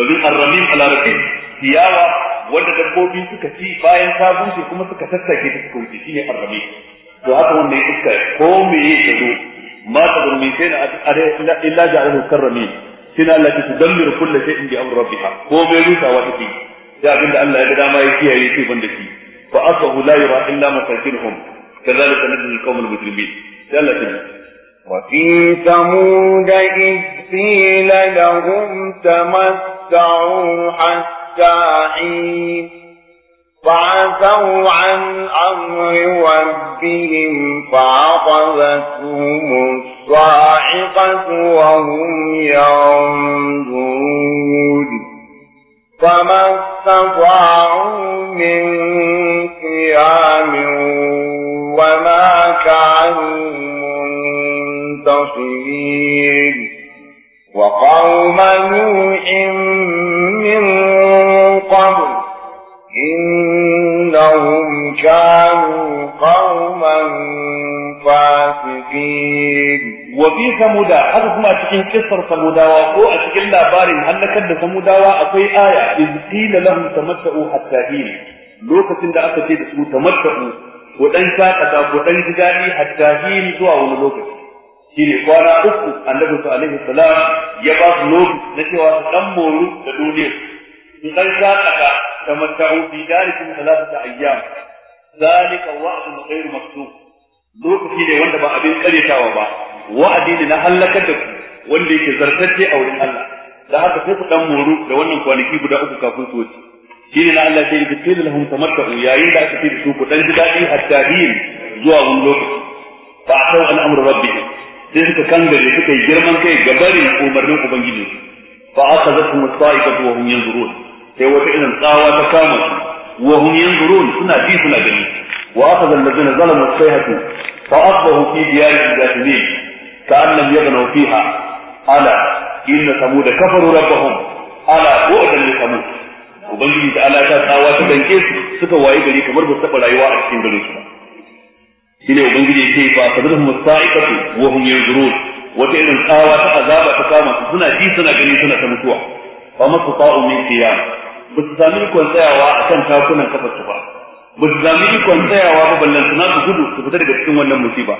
domin arramin a larabci ciyawa wanda dabbobi suka ci bayan ta bushe kuma suka tattake ta suka wuce shine arrabi to haka wannan iska ko me ya zo ma ta gurmi sai na illa ja'alahu karrami sina Allah ta tudammiru kullu shay'in bi amri rabbiha ko me rusawa take da abinda Allah ya ga dama ya kiyaye shi banda shi fa asahu la yura illa masakinuhum كذلك نجزي القوم المجرمين ثلاثة وفي ثمود إذ قيل لهم تمتعوا حتى الجحيم فعفوا عن أمر ربهم فعقبتهم الصاعقة وهم ينظرون فما استطاعوا من قيام وما كانوا منتصرين وقوم نوح من قبل إنهم كانوا قوما فاسقين وفي ثمود cikin kissar samudawa ko a cikin labarin halakar da samudawa akwai aya iz qila lahum tamatta'u hatta hin lokacin da aka ce da su tamatta'u ko dan shakata ko dan jidani hatta hin zuwa wani lokaci shine kwana uku annabi sallallahu alaihi wasallam ya ba su lokaci na cewa su dan moru da duniyar liman shaqaka kama ta'u bi dalikum thalathata ayyam zalika wa'dun ghayru maktub lokaci ne wanda ba abin karyatawa ba wa'adi ne na halakar da ku wanda yake zartacce a wurin Allah da haka sai ku dan da wannan kwanaki guda uku kafin su wuce na Allah sai ya ce lahum tamattu yayin da aka ce su ku dan ji dadi hatta hin zuwa wani lokaci fa atau al'amru rabbihim sai suka kangare suka yi girman kai ga barin umarnin ubangiji fa akhadhatuhum as-sa'iqatu wa hum yanzurun sai wata irin tsawa ta kama su wa hum yanzurun suna ji suna gani wa akhadha alladhina zalamu sayhatu fa asbahu fi diyarihim jathimin ka'annam yaghnaw fiha ala inna samuda kafaru rabbahum ala bu'dan li samud ubangiji ta ala ta tsawa ta danke su suka wayi gari kamar ba su taba rayuwa a cikin garin su ba shine ubangiji ya ce fa sadrhum musta'ikatu wa hum yanzurun wata irin tsawa ta azaba ta kama su suna ji suna gani suna ta mutuwa fa masu ta'u min qiyam ba su sami ikon tsayawa a kan takunan kafarsu ba ba su sami ikon tsayawa ba ballantana su gudu su fita daga cikin wannan musiba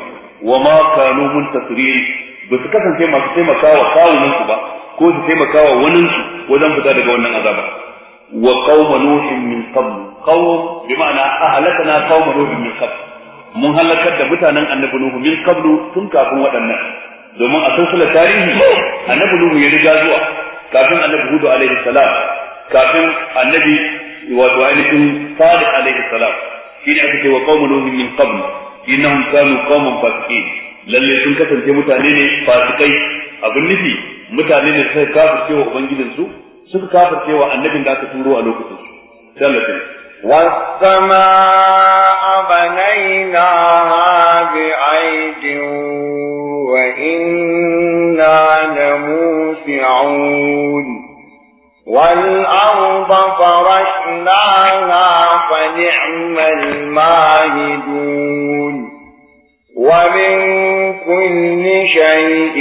wa ma kanu mun muntasirin ba su kasance masu taimakawa kawunan su ba ko su taimakawa wanin su wajen fita daga wannan azaba wa qauma nuhin min qabl qaum bi ma'ana ahlakna qauma nuhin min qabl mun halakar da mutanen annabi nuhu min qablu tun kafin waɗannan domin a sun tarihi annabi nuhu ya riga zuwa kafin annabi hudu alaihi salam kafin annabi wato ainihin salih alaihi salam shi aka ake cewa qaumun nuhin min qabl innahum kanu qauman fasiqin lalle sun kasance mutane ne fasikai abin nufi mutane ne suka kafirce wa ubangijinsu suka kafa cewa annabin da aka turo a lokacin su sallatin والسماء بنيناها بعيد وإنا لموسعون والأرض فرشناها فنعم الماهدون ومن كل شيء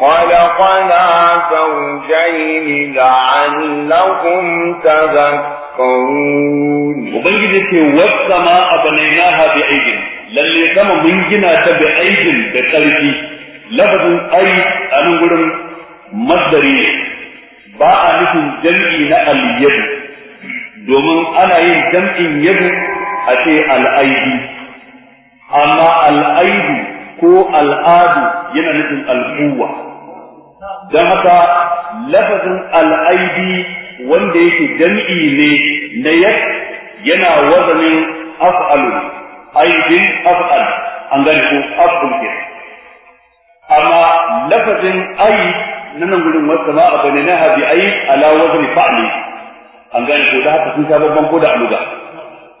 خلقنا زوجين لعلكم تذكرون وبنجد في والسماء بنيناها بأيد للي كما من جنا بأيد بقلبي لفظ أي أنا مصدري ba a nufin jam'i na al domin ana yin jam'in yadu a ce al amma al ko al'adu yana nufin al-quwwa dan haka lafazin al wanda yake jam'i ne na yad yana wazanin af'alun aibin af'al an gane ko af'al amma lafazin aid nan gudun wasu ma'a bane na habi ayi ala ne. fa'li an gane ko da haka sun sha babban ko da aluga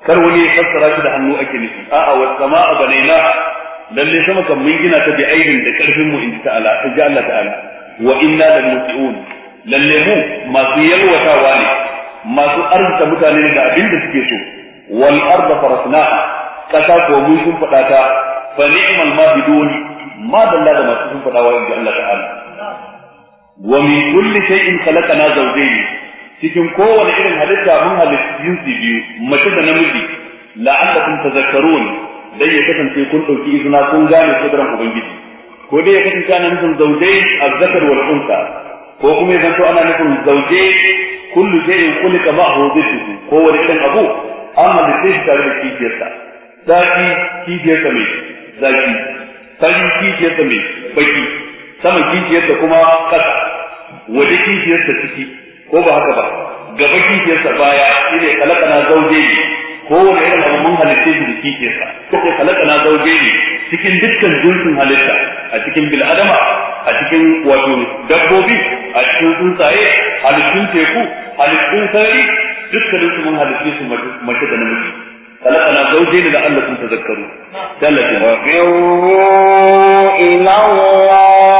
kar wani fassara shi da hannu ake nufi a'a wasu sama'a bane na lalle sama kan mun gina ta bi aidin da karfin mu in ta'ala ta ji Allah ta'ala wa inna lal muti'un lalle mu masu yalwatawa ne masu arzuta mutane da abin da suke so wal arda farasnaha kasa ko mun sun fada ta fa ni'mal mahidun ma dalla da masu sun fada wa in ji Allah ta'ala wa min kulli shay'in khalaqna zawjayn cikin kowane irin halitta mun halitta jinsi biyu mace da namiji la'allakum tazakkarun dai ya kasance kun dauki izina kun gane kudurar ubangiji ko dai ya kasance ana nufin zawjayn az-zakar wal unsa ko kuma ya zanto ana nufin zawjayn kullu shay'in khuliqa ma'ahu dhikru ko wani irin abu Amma halitta sai tare da kifiyarsa zaki kifiyarsa mai zaki sarki kifiyarsa mai baki Sama kishiyarsa kuma ƙasa waje kishiyarsa ciki ko ba haka ba gaba kishiyarsa baya shine kalakana zauje ne ko wani irin abu mun halitta shi da kishiyarsa ko ko kalakana zauje ne cikin dukkan jinsin halitta a cikin bil'adama a cikin wato dabbobi a cikin tsuntsaye halittun teku halittun sarari dukkanin su mun halitta su mace da namiji خلقنا زوجين لعلكم تذكرون ثلاثة وفروا إلى الله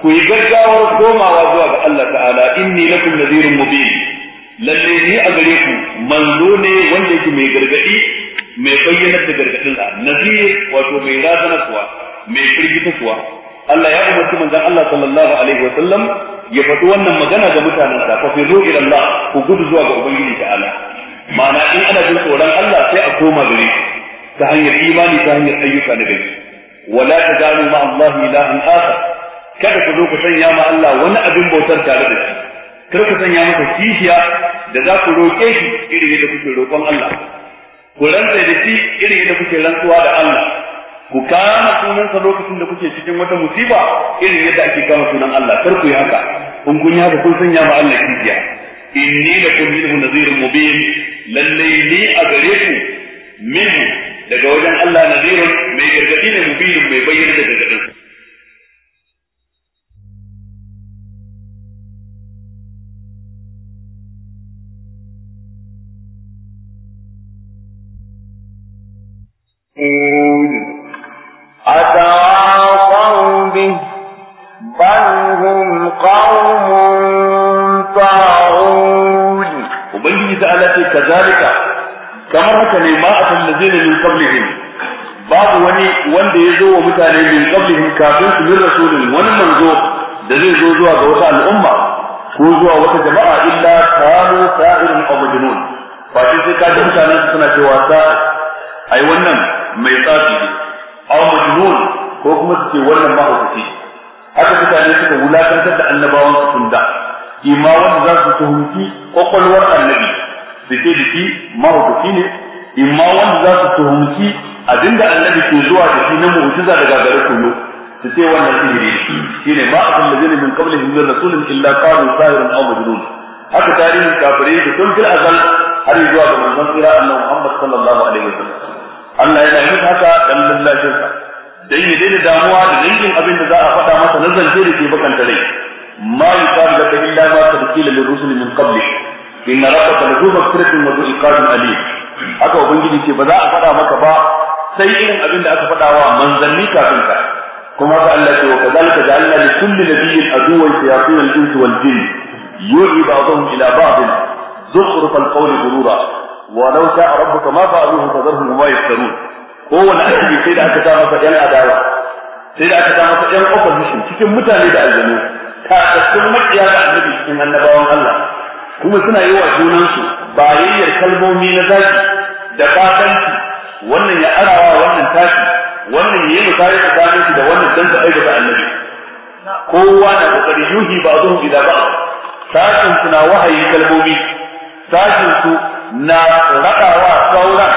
ku yi gaggawar komawa zuwa ga Allah ta'ala inni lakum nadhirun mubin lalle ni a gare ku manzo ne wanda yake mai gargadi mai bayyanar da gargadin da nadhir wato mai razanarwa mai firgitarwa Allah ya umarci manzon Allah sallallahu alaihi wa sallam ya faɗi wannan magana ga mutanen sa fa fi ila Allah ku gudu zuwa ga ubangiji ta'ala ma'ana in ana jin tsoron Allah sai a koma gare ku. ta hanyar imani ta hanyar ayyuka na gari wala tajalu ma Allah ilahan akhar kada ku zo ku sanya ma Allah wani abin bautar tare da shi kar ku sanya masa kishiya da za ku roƙe shi irin yadda kuke roƙon Allah ku rantsa da shi irin yadda kuke rantsuwa da Allah ku kama sunansa lokacin da kuke cikin wata musiba irin yadda ake kama sunan Allah kar ku yi haka in kun yi haka kun sanya ma Allah kishiya inni kun minhu nadhirun mubin lallai ni a gare ku minhu daga wajen Allah nadhirun mai gargadi ne mubin mai bayyana da gargadin يشركون أتواصوا به بل هم قوم طاغون وبنجي تعالى كذلك كما هكذا ما أتى الذين من قبلهم babu wani wanda ya zo wa mutane min qablihim kafin su min rasulin wani manzo da zai zo zuwa ga wata al'umma ko zuwa wata jama'a illa kanu sa'irun aw majnun fa sai ka da mutane suna cewa sa ai wannan mai tsafi aw majnun ko kuma su ce wannan ba hukunci haka ne suka wulakantar da annabawan su tunda da wanda za su tuhumci kwakwalwar annabi da ke da shi mahukunci ne imma wanda za su tuhumci da annabi ke zuwa da shi na mu'jiza daga gare kullu su ce wannan sihiri ne ma abin da zai min qablihi da sunan illa qalu sahirun aw majnun haka tarihin kafirai da tun fil azal har zuwa ga manzon kira annabi Muhammad sallallahu alaihi wasallam Allah yana yin haka dan lallashin sa dan ya daina damuwa da dangin abin da za a faɗa masa na zance da ke bakanta rai ma yuqalu laka illa ma qad qila lil rusuli min qablik inna rabbaka lahu maghfiratun wa iqabun alim haka ubangiji ce ba za a faɗa maka ba sai irin abin da aka faɗa wa manzanni kafin ka kuma ka Allah ce wa da ja'alna li kulli nabiyyin aduwwan shayatin al-insi wal jinn yuhi ba'dhum ila ba'd zukhruf al-qawli ghurura walau sha'a rabbuka ma fa'aluhu fadharhum wa yaftarun kowane aiki sai da aka sa masa adawa sai da aka sa masa yan cikin mutane da aljanu kasassun makiya da annabi cikin annabawan Allah kuma suna yiwa wa junansu bayayyar kalmomi na zaki da fatanci wannan ya arawa wannan tashi wannan ya yi misali tsakanin da wannan dan da da annabi kowa na kokari yuhi ba'dhum ila ba'd sashin suna wahayi kalmomi sashin na raɗawa sauran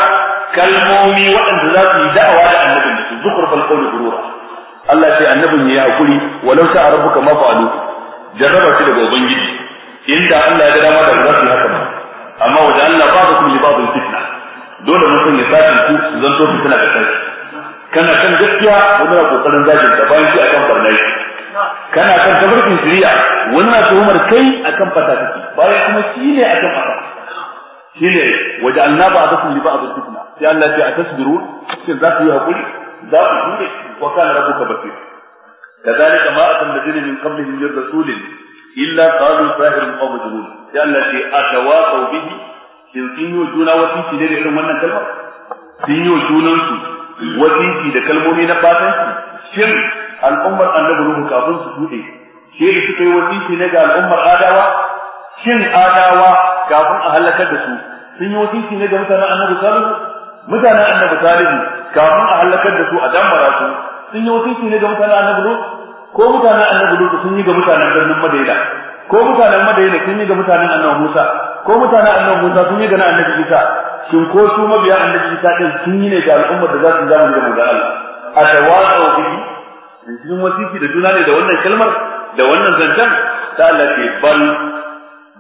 kalmomi waɗanda za su yi da'awa da annabin da su zukur falkoli gurura Allah ce annabin ya hakuri walau rabu arabu kama fa'alu jarraba shi daga ubangiji inda Allah ya ga dama da za su haka ba amma waje Allah ba ku li babu fitna dole mun san ya sakin ku zan to fitna da kai kana kan gaskiya wani na kokarin zagin da bayan shi akan barnai kana kan tabarkin shiriya wani na tuhumar kai akan fata bayan kuma shi ne akan fata shine waja'alna ba'dakum li ba'd fitna sai Allah ya atasbiru shin za ku yi hakuri za ku jure wa kana rabbuka basir kadhalika ma atam ladina min qablihim min rasulin illa qalu sahirun aw majnun sai Allah ya atawaqaw bihi shin sun yi juna wasiki ne da irin wannan kalma sun yi junan su wasiki da kalmomi na fatanci shin al'ummar annabi nuhu kafin su shuɗe shi da suka yi wasiki ne ga al'ummar adawa shin adawa kafin a halakar da su sun yi wasiki ne ga mutanen annabi salihu mutanen annabi salihu kafin a halakar da su a damara su sun yi wasiki ne ga mutanen annabi lut ko mutanen annabi lut sun yi ga mutanen birnin madaina ko mutanen madaina sun yi ga mutanen annabi musa ko mutanen annabi musa sun yi ga na annabi isa shin ko su mabiya annabi isa din sun yi ne ga al'ummar da za su zama da manzon Allah a tawasau bihi sun wasiki da juna ne da wannan kalmar da wannan zancen ta Allah ke bal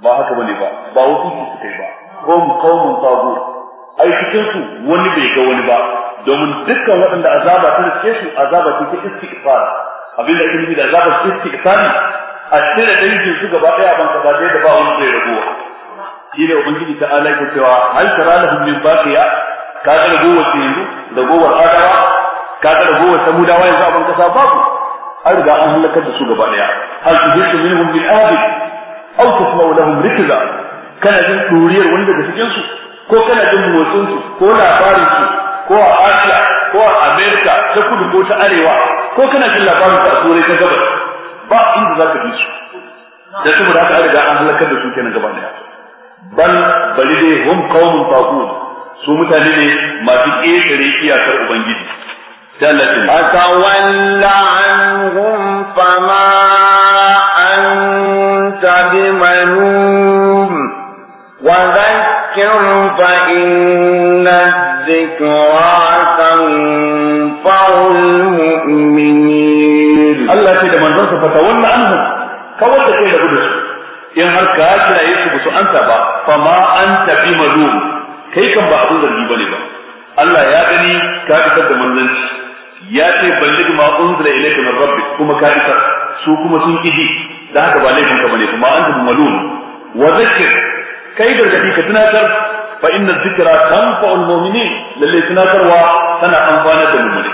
ba haka bane ba ba wasu su suka yi ba hum kaumun tabu ai cikin su wani bai ga wani ba domin dukkan waɗanda azaba ta rike su azaba ta ke istighfar abin da ake da azaba ta istighfar a cire dangin su gaba ɗaya ban kaza da ba wani zai rabuwa shi ne ubangiji ta ala ke cewa hal tara lahum min baqiya ka ga ragowar ce yanzu ragowar adawa ka ga ta mudawa yanzu abin kasa babu an riga an halaka da su gaba ɗaya hal tuhishu minhum bil abid aw tasma'u lahum rikza kana jin duriyar wani daga cikin su ko kana jin motsin ko labarin su ko a Asiya ko a Amerika ta kudu ko ta arewa ko kana jin labarin su a Turai ta gabas ba inda ka ji su da su haka ta riga an halakar da su kenan gaba daya bal bali dai hum qaumun taqun su mutane ne masu ƙetare iyakar ubangiji tallatin an anhum fama لست بملوم وذكر فإن الذكرى تنفع المؤمنين الله كده من ذنك فتولى عنهم كوالت كده قدس إن هر كاكرا يسبس أنت با فما أنت بملوم كيف با أبو ذنبي بني با الله يا بني كاكتا من ذنك ya ce ballig ma unzila ilayka min rabbik kuma ka isa su kuma sun kiji da haka ba laifin ka bane kuma antum malun wa zakkir kai gargadi ka tunatar fa inna dhikra tanfa'ul mu'minin lalle tunatarwa tana amfanar da mu'mini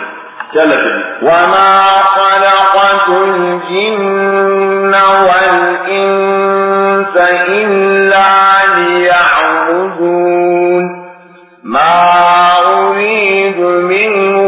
وما خلقت الجن والإنس إلا ليعبدون ما أريد منهم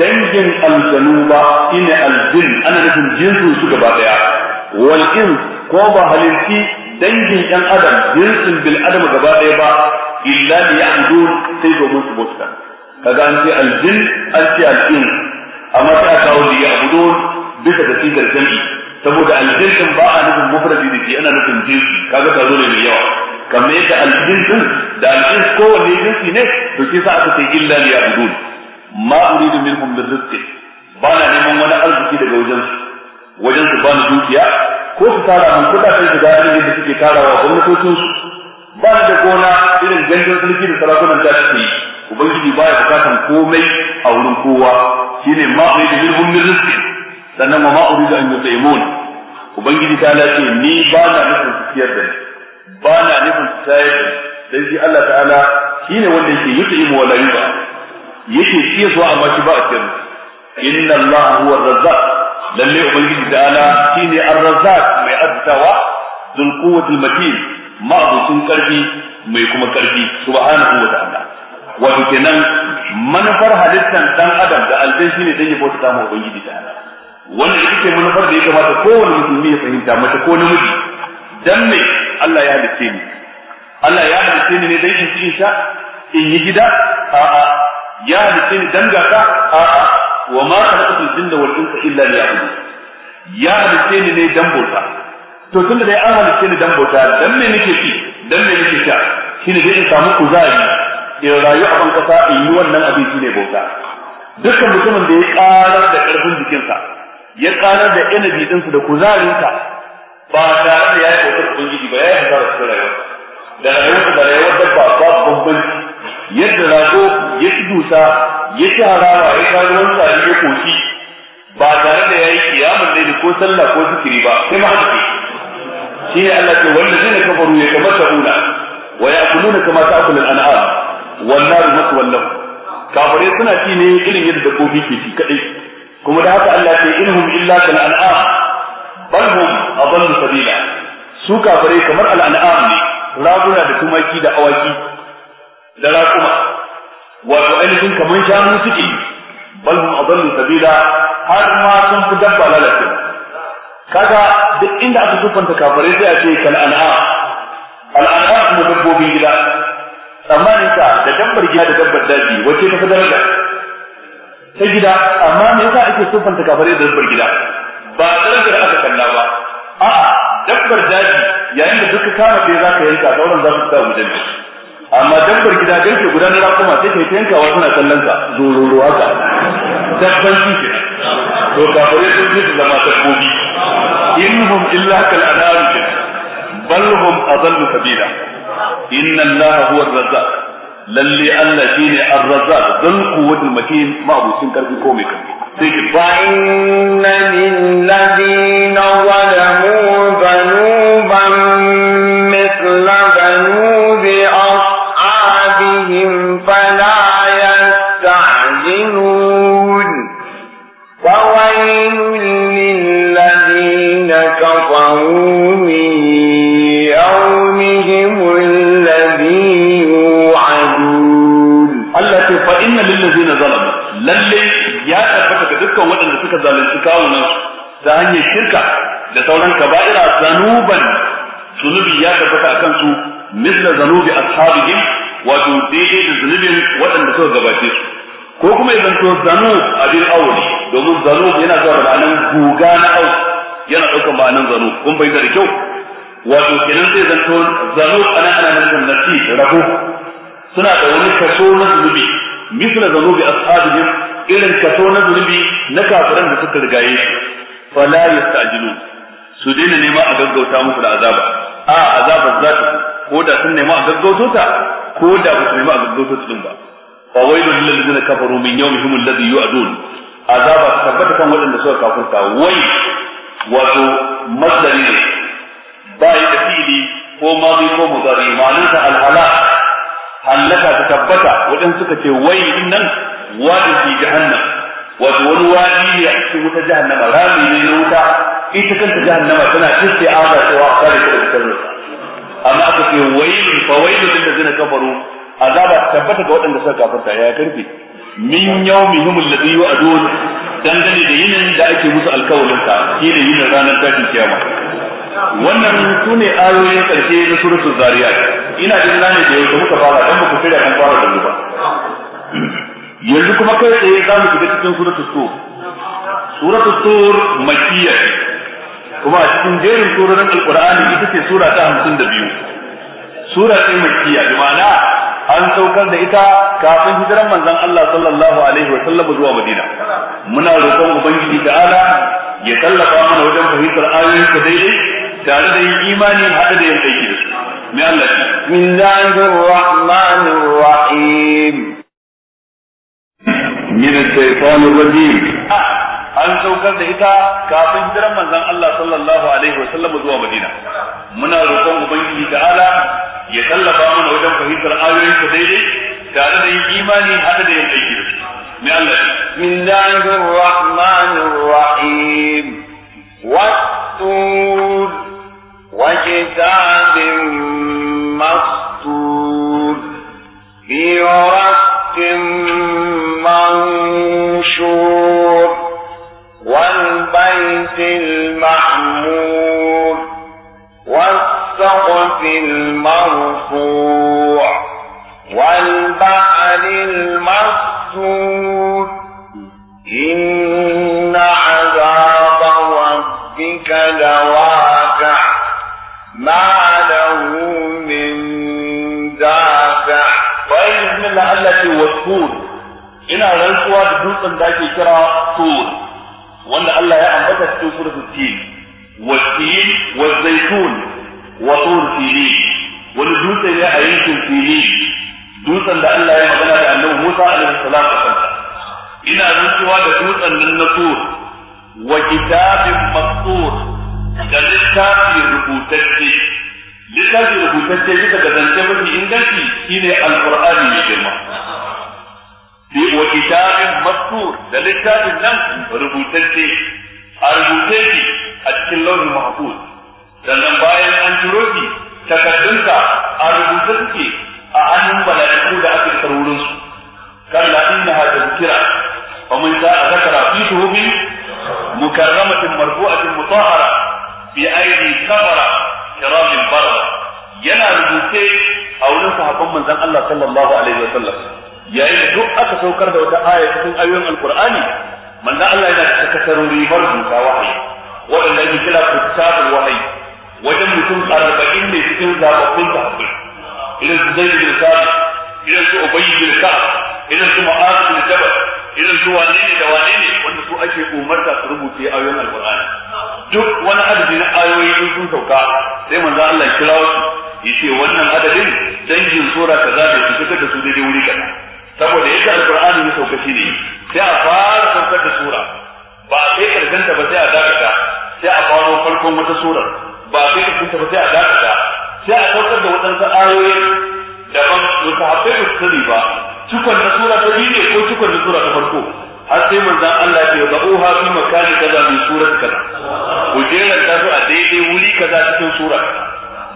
dangin aljanu ba ina aljin ana nufin jinsin su gaba daya wal in ko ba halinci dangin yan adam jinsin bil adam gaba daya ba illa li ya'budun sai domin su bauta kaga an ce aljin an ce aljin amma ta kawo li ya'budun bisa da sigar jami'i saboda aljin din ba a nufin mufradi da shi ana nufin jinsi kaga ta zo ne mai yawa kamar yadda aljin din da aljin kowanne jinsi ne to shi sa aka ce illa li ya'budun ma da minhum min rizqin ba na neman wani arziki daga wajen su wajen su ba ni dukiya ko su tara mun kudaden su ga irin da suke tarawa gwamnatocin su ba ni da gona irin gangan sulki da sarakunan da suke yi ubangiji baya bukatan komai a wurin kowa shine ma uridu minhum min rizqin sannan ma uridu an yutaimun ubangiji ta lace ni ba na nufin su ciyar da ni ba na nufin su tayar da ni dan shi Allah ta'ala shine wanda yake yutaimu wa yi yutaimu yake iya zuwa amma shi ba a cikin inna Allah huwa razzaq lalle ubangiji da ala shine ar-razzaq mai azzatawa dul quwwati matin ma ma'butun karfi mai kuma karfi subhanahu wa ta'ala wato kenan manufar halittar dan adam da aljin shine dan ya bauta ma ubangiji da ala wannan ita ce manufar da ya kamata kowane musulmi ya fahimta mata ko namiji dan me Allah ya halicce ni Allah ya halicce ni ne dan in ci in yi gida a'a ya halitta ni dan a a'a wa ma khalaqatul da wal ka illa liya'budun ya halitta ni ne dan bauta to tunda dai an halitta ni dan bauta dan me nake fi, dan me nake sha ne zai in samu kuzari in rayu a ban kasa in yi wannan abin ne bauta dukkan mutumin da ya karar da karfin jikinsa ya karar da energy dinsa da kuzarinsa ba tare da ya yi bautar ubangiji ba ya yi hasara cikin rayuwa da rayuwa da rayuwar dabba babu bambanci yadda rago ya ci dusa ya ci harawa ya kawo ruwan sari ya koki ba tare da yayi kiyamun da ko sallah ko zikiri ba sai ma hadisi shi ne Allah ce wanda zai kafaru ya kamata una wa ya na kama ta'kulu al-an'am wan nar maswan lahum kafare suna ci ne irin yadda kofi ke ci kadai kuma da haka Allah ce inhum illa kal an'am bal hum adallu sabila su kafare kamar al-an'am ne raguna da tumaki da awaki da raƙuma wato ainihin kamar shanu suke yi bal hum adallu sabila har ma sun fi dabba lalace kaga duk inda aka sufanta kafare sai a ce kal an'am al kuma dabbobin gida tsammanin ka da dabbar gida da dabbar daji wacce ta fi daraja ta gida amma me yasa ake sufanta kafare da dabbar gida ba darajar aka kalla ba a'a dabbar daji yayin da duka kama ɗaya za ka yanka sauran za su sa wajen amma dabbar gida garke guda na rakuma ta yanka wa suna kallon ka zururuwa ka dabbanci ke to kafirai sun ji su zama dabbobi innahum illa kal anam bal hum adallu sabila inna allaha huwa ar-razzaq lalle Allah shine ar-razzaq dal quwwatul matin ma abucin karfi ko mai karfi sai ki fa inna min ladina wa suka zalunci kawunan su ta hanyar shirka da sauran kaba'ira zanuban zunubi ya tabbata akan su misla zanubi ashabihim wato daidai da zunubin waɗanda suka gabace su ko kuma idan to zanub abin awli domin zanub yana zuwa da ma'anar guga na au yana ɗaukar ma'anar zanub kun bai da kyau wato kenan sai zanto zanub ana ana nufin nasi rabo suna da wani kaso na zunubi misla zanubi ashabihim irin kaso na zunubi na kafiran da suka rigaye shi fala yasta'jilu su daina nema a gaggauta musu da azaba a azaba za ta ko da sun nema a gaggautota, ta ko da ba su nema a gaggauto ta din ba fa waylu lil ladina kafaru min yawmihim alladhi yu'adun azaba tabbata kan waɗanda suka kafurta wai wato madari ne ba yi da fili ko mazi ko mudari ma'anarsa alhala hallaka ta tabbata Wadanda suka ce wai nan wadi fi jahannam wato wani wadi ne a cikin wuta jahannama rami ne na wuta ita kanta jahannama tana cikin aza cewa a kare ta daga sharrinsa amma aka ce wailun fa wailun da zina kafaru azaba tabbata ga waɗanda suka kafarta ya karfi min yawmihim alladhi yu'adun dangane da yinin da ake musu alkawalin ka shi ne yinin ranar tashin kiyama wannan su ne ayoyin karshe na suratul zariyat ina jin ne da yau muka fara dan ku shirya kan fara da mu ba yanzu kuma kai tsaye za mu shiga cikin suratu tur suratu tur makiyya kuma a cikin jerin suratun alqur'ani ita ce sura ta 52 sura ta makiyya bi ma'ana an saukar da ita kafin hijiran manzon Allah sallallahu alaihi wa sallam zuwa Madina muna roƙon ubangiji ta'ala ya tallafa mana wajen fahimtar ayoyin ka daidai tare da yin imani haɗa da yin aiki da su mai Allah bismillahir rahmanir rahim min ash-shaytan ar an saukar da ita kafin hijiran manzon Allah sallallahu alaihi wa sallam zuwa Madina muna roƙon ubangiji ta'ala ya tallafa mana wajen fahimtar ayoyin ta daidai tare da imani hada da yin aiki mai Allah min dangin rahmanir rahim والطور وكتاب مسطور في رب منشور والبيت المعمور والسقف المرفوع والبحر المسجور dutsen da ake kira tur wanda Allah ya ambata cikin suratul tin wa tin wa zaitun wa tur sinin wani dutse ne a yankin sinin dutsen da Allah ya magana da Annabi Musa alaihi salam ina rantsuwa da dutsen nan na tur wa kitabin mastur da littafi rubutacce littafi rubutacce bisa ga zance mafi inganci shine alqur'ani mai girma fi wa kitabin mastur da littafin nan rubutacce a rubuce shi a cikin launin mahfuz sannan bayan an turo shi takardunsa a rubuce suke a hannun bala'iku da aka isar wurin su kalla innaha tazkira wa man a zakara fi shuhubin mukarramatin marfu'atin mutahhara fi aidi kabara kiramin barra yana rubuce a wurin sahabban manzon Allah sallallahu alaihi wa sallam yayin da duk aka saukar da wata aya cikin ayoyin alqur'ani manzo Allah yana da kasarori marubuta wahayi waɗanda ake kira kuttabul wahayi wajen mutum arba'in ne cikin zababbun sahabbai irin su zai bin sa'ad idan su ubayy bin ka'ab idan su mu'az bin jabal irin su wane ne da wane ne wanda su ake umarta su rubuce ayoyin alqur'ani duk wani adadi na ayoyi in sun sauka sai manzo Allah ya kira su yace wannan adadin dangin sura kaza da su fitar da su daidai wuri kaza saboda yadda alkur'ani ne sauka shi ne sai a fara saukar da sura ba a kai karganta ba sai a dakata sai a faro farkon wata sura ba a kai karganta ba sai a dakata sai a saukar da waɗansu ayoyi daban su haɓe ba su sani ba cikon da sura ta biyu ne ko cikon da sura ta farko har sai manzan Allah ya ce za'uha fi makani kaza mai sura kaza ku jeran ta su a daidai wuri kaza cikin sura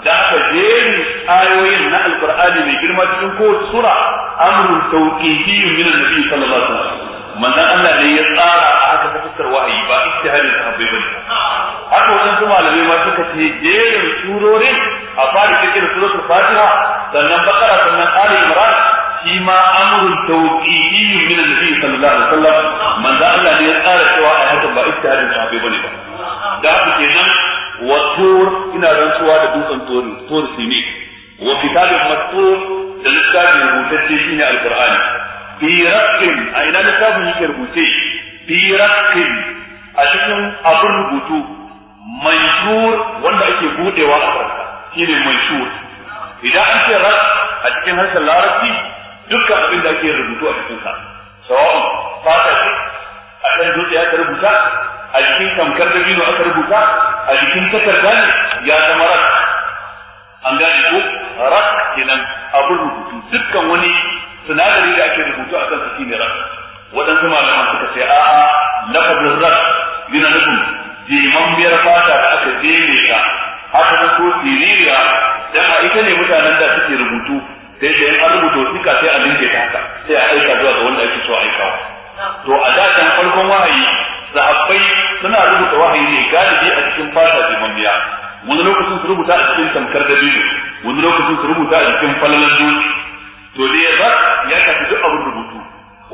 da aka jerin ayoyin na alkur'ani mai girma cikin kowace sura amrun tawqifiyyun min annabi sallallahu alaihi wasallam manzon Allah ne ya tsara a haka ta fuskar wahayi ba ijtihadin sahabbai bane haka wannan su malamai ma suka ce jerin surorin a fara cikin suratul fatiha sannan bakara sannan ali imran shi ma amrun tawqi'i min annabi sallallahu alaihi wasallam manzo Allah ne ya tsara cewa a haka ba ittihadin sahabbai bane ba da haka kenan wa tur ina rantsuwa da dutsen tur tur sine wa kitabin mastur da littafin rubutacce shine alqur'ani fi raqin a ina littafin yake rubuce fi raqin a cikin abin rubutu manshur wanda ake budewa a farka shine manshur idan an ce rak a cikin harshen larabci dukkan abin da ake rubutu a cikin sa sawa'un fata ce a kan dutse aka rubuta a cikin tamkar dabino aka rubuta a cikin takarda ne ya zama rak an gane ko rak kenan abin rubutu dukkan wani sinadari da ake rubutu a kansa shine rak waɗansu malaman suka ce a'a lafazin rak yana nufin biyar fata da aka jeme ta haka na ko siririya dan a ita ne mutanen da suke rubutu sai da an rubuta wasiƙa sai a dinke ta haka sai a aika zuwa ga wanda ake so aikawa to a da farkon wahayi sahabbai suna rubuta wahayi ne galibi a cikin fata jimammiya wani lokacin su rubuta a cikin tamkar da biyu wani lokacin su rubuta a cikin falalan duk to da ya ya shafi duk abin rubutu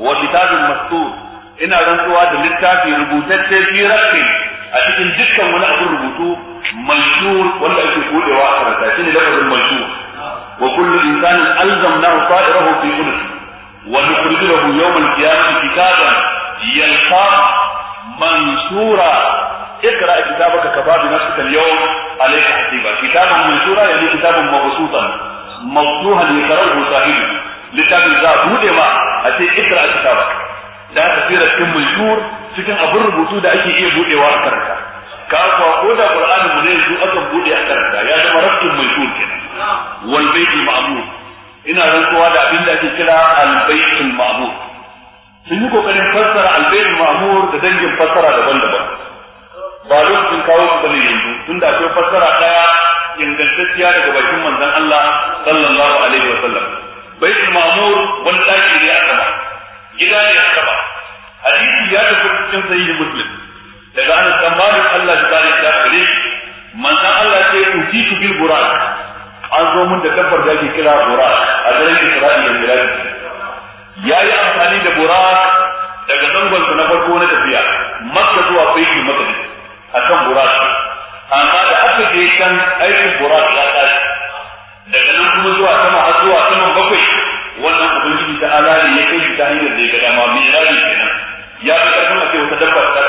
wa kitabun mastur ina rantsuwa da littafi rubutacce fi rafi a cikin dukkan wani abin rubutu manshur wanda ake kodewa a karanta shine lafazin manshur وكل إنسان ألزمناه طائره في أنف ونخرج له يوم القيامة كتابا يلقاه منشورا اقرأ كتابك كفى بنفسك اليوم عليك حسيبا كتابا منشورا يعني كتابا مبسوطا مفتوحا يقرأه صاحبه littafin za a bude ma a ce ikra a kitaba da aka tsira cikin mulkur cikin abin rubutu da ake iya budewa a karanta ka kuwa ko da qur'anin mu ne yanzu akan bude a karanta ya zama rabbul mansur kenan wal baitul ma'mur ina rantsuwa da abin da ake kira al baitul ma'mur sun yi kokarin fassara al baitul ma'mur da dangin fassara daban-daban ba sun kawo su bane yanzu tun tunda akwai fassara daya ingantacciya daga bakin manzon Allah sallallahu alaihi wa sallam baitul ma'mur wani daki ne a sama gida ne a sama hadisi ya tafi cikin sahihi muslim daga an tsammanin Allah ta kare ta kare manzan Allah ce uti tu bil burak an zo mun da dabbar da ake kira burak a garin Isra'i da ya yayi amfani da burak daga zangon na farko na tafiya Makka zuwa Baitul Maqdis akan burak amma da aka je kan aikin burak ya ta daga nan kuma zuwa sama har zuwa saman bakwai wannan ubangiji ta ala ne ya kai ta hanyar da ya ga ma mai rabi kenan ya fi karfin a ce wata dabba ta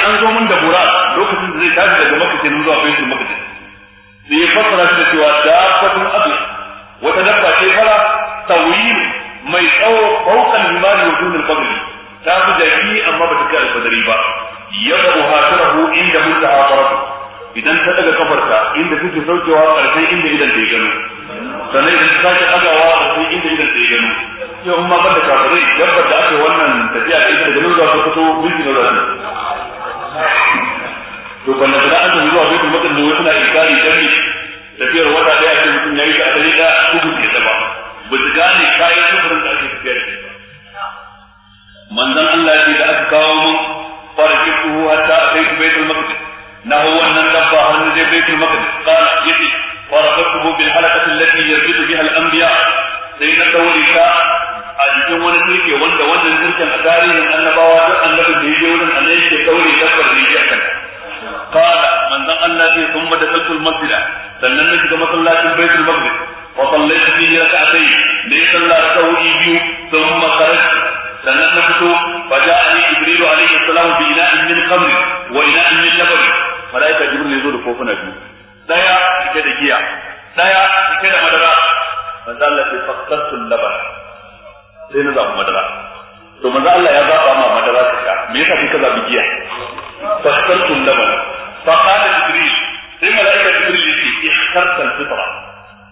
an zo min da bura lokacin da zai tashi daga makka kenan zuwa baitul maqdis sai ya fassara shi da cewa dabbatun abu wata dabba ce fara tawil mai tsawo fawqal himari wa dunal fadli ta fi jaki amma ba ta kai alfadari ba ya yadda hasarahu inda muntaha faratu idan ta daga kafarta inda take saukewa karshen inda idan ta yi gano sannan idan ta sake agawa karshen inda idan ta yi gano sai ban da kafirai dabbar da aka wannan tafiya da ita daga nan za su fito mulki na zasu to ban da an tafi zuwa baitul maqdis wai suna inkari dan tafiyar wata daya ce mutum yayi ta adali da kubu ke da ba ba su gane kayan sufurin da ake tafiya da ba manzon Allah ya ce da aka kawo mun farki kuwa ta kai baitul maqdis na wannan dabba har ne je baitul maqdis qala yati farqatuhu bil halaqati allati yarbitu biha al anbiya sai na daure ta a cikin wani turke wanda wannan turken a tarihin annabawa duk annabin da yake wurin a yake daure dabbar da yake akan qala manzon Allah sai sun mada kalkul masjida sannan ne shiga masallacin baitul maqdis wa sallaitu fihi rak'atay ne sallar salla biyu thumma kharajtu sannan na fito fa ja'ani jibril alayhi salam bi ina'in min qamri wa ina'in min laban malaika jibril ya zo da kofuna biyu daya cike da giya daya cike da madara manzo Allah sai fakkatul laban sai na zaɓi madara to manzo Allah ya zaɓa ma madara ta sha me yasa kika zaɓi giya fastartu laban fa qala jibril sai malaika jibril yake ihtarta fitra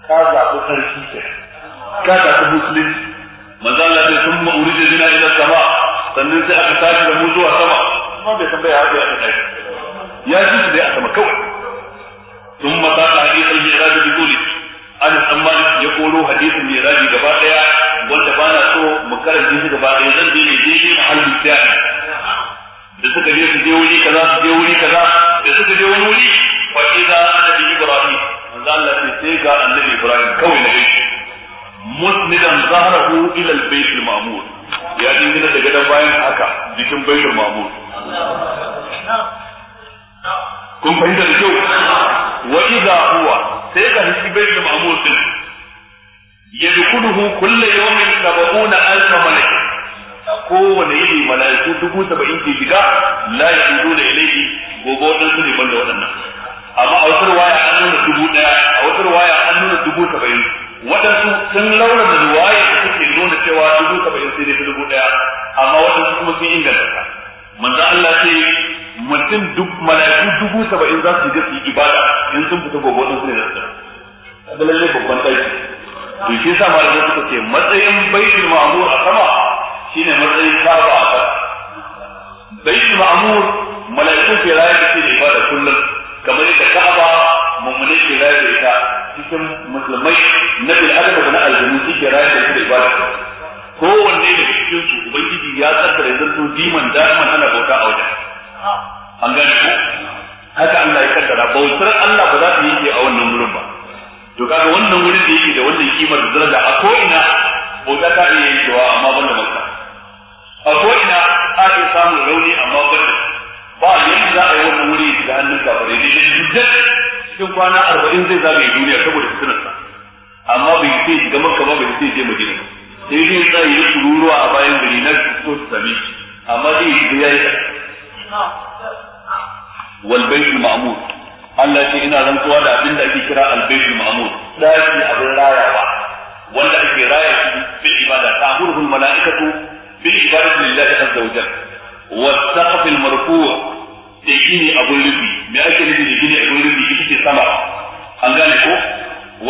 ka zaɓi sarki ke ka zaɓi musulunci manzo Allah ya sun ma'urije jina ila sama sannan sai aka tashi da mu zuwa sama kuma bai san bai haɗe a kan ya ji su dai a sama kawai ثم قال حديث المعراج بقوله Anas dan Malik ya koro hadisin miraji gaba daya wanda ba na so mu karanta shi gaba daya zan je ne daidai na halin sha'i da suka je su je wuri kaza su je wuri kaza da suka je wani wuri fa idza annabi Ibrahim manzo Allah sai sai ga annabi Ibrahim kawai na gaishe musnidan zahrahu ila al-bayt al-ma'mur ya dingina daga dan bayan haka jikin baitul ma'mur kun fahimta da kyau wa idza huwa sai ka hisi baitul ma'mur din yadkhuluhu kullu yawmin sab'una alf malak kowane yini malaiku dubu saba'in ke shiga la ya ilayhi gobe wadansu ne banda waɗannan amma a wata waya an nuna dubu ɗaya a wata waya an nuna dubu saba'in waɗansu sun laura da ruwaya da suke nuna cewa dubu saba'in sai dai dubu ɗaya amma waɗansu kuma sun inganta manzo Allah ce mutum duk malaiku dubu saba'in za su je su yi ibada in sun fita gobe wadansu ne da su da lalle babban aiki to shi yasa malamai suka ce matsayin baitul ma'mur a sama shine matsayin kaba a sama baitul ma'mur malaiku ke rayu da ke ibada kullum kamar yadda kaba mummune ke rayu da ita cikin musulmai na bil adama da na aljanu suke rayu da ibada kowanne ne cikin su ubangiji ya kaddara da to diman da'iman tana bauta a wajen an gane ko haka Allah ya kaddara bautar Allah ba za ta yi a wannan wurin ba to kaga wannan wurin da yake da wannan kimar da daraja a ko ina bauta ta iya yankewa amma da makka a ko ina a iya samun rauni amma da ba yanzu za a yi wannan wuri da hannun kafare ne da dukkan cikin kwana arba'in zai zagaye duniya saboda fitinarsa amma bai sai shiga makka ba bai sai je madina ba sai zai tsaya yi kururuwa a bayan gari na so su sami amma zai yi ya yi wal baitul Allah ce ina rantsuwa da abin da ake kira al baitul ma'mur daki abin rayawa wanda ake raya shi bil ibada ta'muruhul mala'ikatu bil ibadati lillahi azza wa jalla wa saqf al marfu' da gini abun rufi me ake nufi da gini abun rufi ita ce sama an gane ko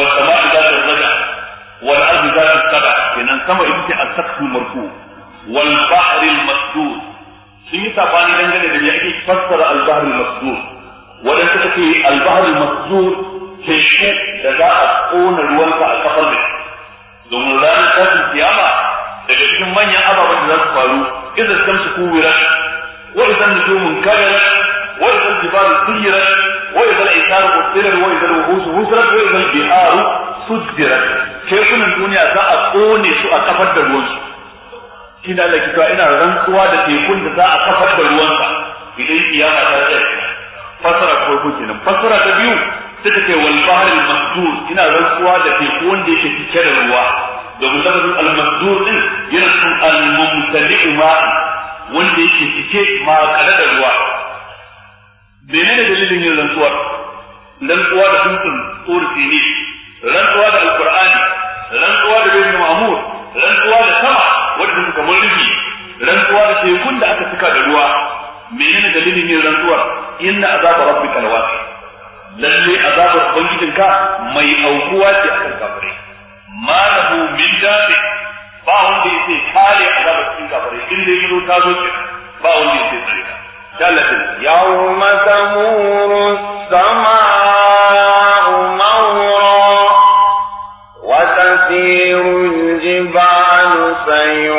wa sama'u zata raja'a wal ardi zatil qada kenan sama ita ce as-saqfu marfu wal bahr al-masdud sun yi sabani dangane da me ake fassara al-bahr al-masdud wadanda suka ce al-bahr al-masdud teku da za a kona ruwansa a kafar da domin ranar tashin kiyama daga cikin manyan ababen da za su faru idan samsu kuwirat wa idan nujumun kadarat وإذا الجبال سيرت وإذا العشار قتلت وإذا الوحوش هسرت وإذا البحار سدرت kekunan duniya za a kone su a kafar da ruwansu رنسوا لكي كنت ina rantsuwa da tekun فصرة za a kafar da ruwansa المسجور kiyama ta tsaya fasara farko kenan fasara biyu da teku wanda yake cike da ruwa al mazdur din yana sun al mumtali ma wanda yake cike ma kada da ruwa menene dalilin yin rantsuwar rantsuwa da dutsen tsorfi ne rantsuwa da alkur'ani rantsuwa da bin ma'amur rantsuwa da sama wanda suka mulki rantsuwa da tekun da aka cika da ruwa menene dalilin yin rantsuwar inna azaba rabbika lawaqi lalle azabar ubangijinka mai aukuwa ce akan kafirai ma lahu min dafi ba wanda yake kare azabar cikin kafirai in dai yazo ta zo ba wanda yake tsare ثلاثة يوم تمور السماء مورا وتسير الجبال سيرا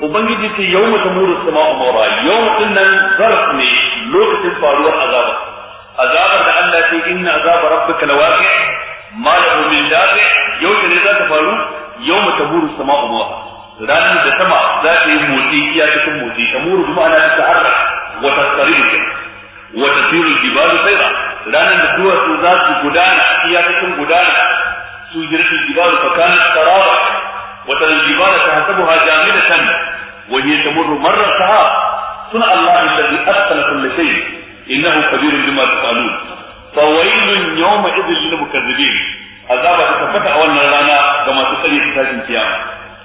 ubangiji ce yau mata muru sama umara yau din nan zarf ne lokacin faruwar azaba azabar da Allah ce inna azaba rabbika lawaqi ma lahu min dafi yau da ne za ta faru yau mata muru sama umara ranar da sama za ta yi motsi iya cikin motsi Ta tamuru kuma ana ta harba wa tasaribu Wata tasiru jibalu sayra ranar da duwatsu za su gudana iya cikin gudana su jirgin jibalu fakana sarara وترى الجبال تحسبها جامدة وهي تمر مر السحاب صنع الله الذي أتقن كل شيء إنه كبير بما تفعلون فويل يومئذ للمكذبين ta tabbata a wannan rana ga masu kare ta tashin ta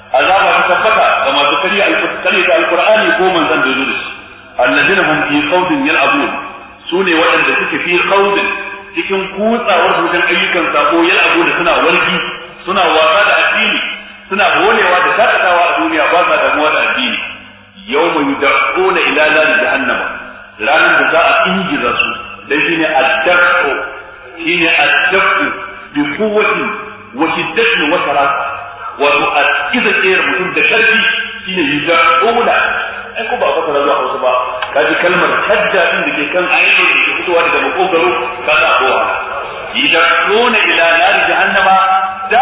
tabbata ko manzon da zuwa waɗanda suke fi kutsawar wajen ayyukan sako da suna wargi suna wasa da addini suna golewa da shaƙatawa a duniya ba sa damuwa da addini Yau yawma yud'una ila da jahannama ranar da za a ingiza su dan shine ad-dafu shine ad-dafu bi quwwati wa shiddatin wa sarasa wato a kiza kera mutum da karfi shine yud'una ai ko ba ka fara zuwa Hausa ba Ka ji kalmar hadda din da ke kan ayyuka da ke fitowa daga makogaro kaza ko yud'una ila da jahannama da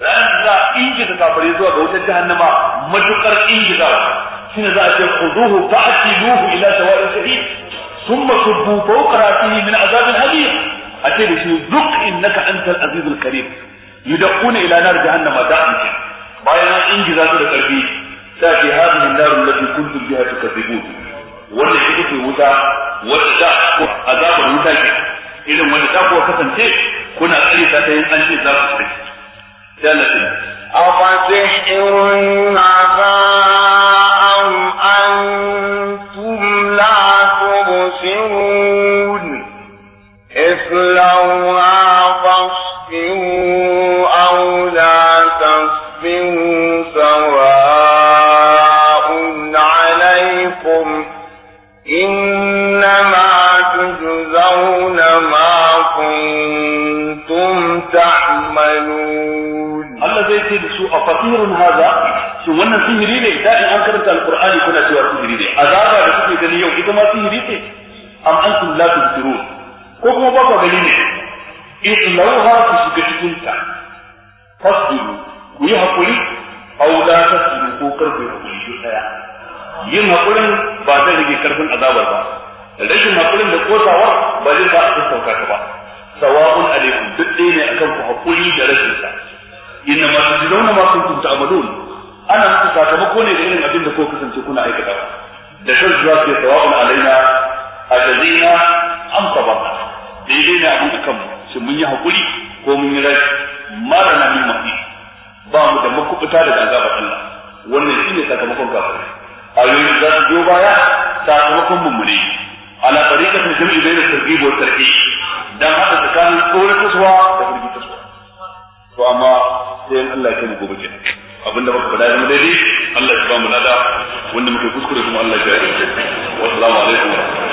ran za a ingiza kafare zuwa ga wutar jahannama matukar ingiza shine za a ce khuduhu fa'tiluhu ila sawa'i sahih thumma subbu fawqa ra'sihi min azab al-hadid ace da shi duk innaka antal aziz al da yudquna ila nar jahannama da da'an bayan an ingiza su da karfi sai ce hadhihi an-nar allati kuntum biha tukadzibun wanda shi kuke wuta wanda azabar wuta ke irin wanda ta kuwa kasance kuna tsare ta yin an ce za ku tsare جنة أفسحر هذا ce da su a fasihun haza shin wannan sihiri ne da in an karanta alqur'ani kuna cewa sihiri ne azaba da kuke gani yau ita ma sihiri ce am antum la tusirun ko kuma ba ku gani ne islauha ku shiga cikin ta fasiru ku yi hakuri aw la tasiru ko karku yi hakuri daya yin hakurin ba zai rage karfin azabar ba rashin hakurin da kosawa ba zai ba a sassauka ta ba sawa'un alaikum duk ɗaya ne akan ku hakuri da rashin sa inna ma tujzauna ma kuntum ta'malun ana muku sakamako ne da irin abin da ko kasance kuna aikata da shan zuwa ke sawa'un alaina ajazina am sabarna daidai ne abin da kanmu shin mun yi hakuri ko mun yi rashi mara na min mafi ba mu da makubuta daga azabar Allah wannan shine sakamakon kafirai ayoyin da su biyo baya sakamakon mummune ala tariqatin jam'i bayna targhib wa tarhib dan hada tsakanin tsoratarwa da firgitarwa to amma sai Allah ya kai mu gobe ke abinda baka faɗa zama daidai Allah ya ba mu nada wanda muke kuskure kuma Allah ya kai mu wassalamu alaikum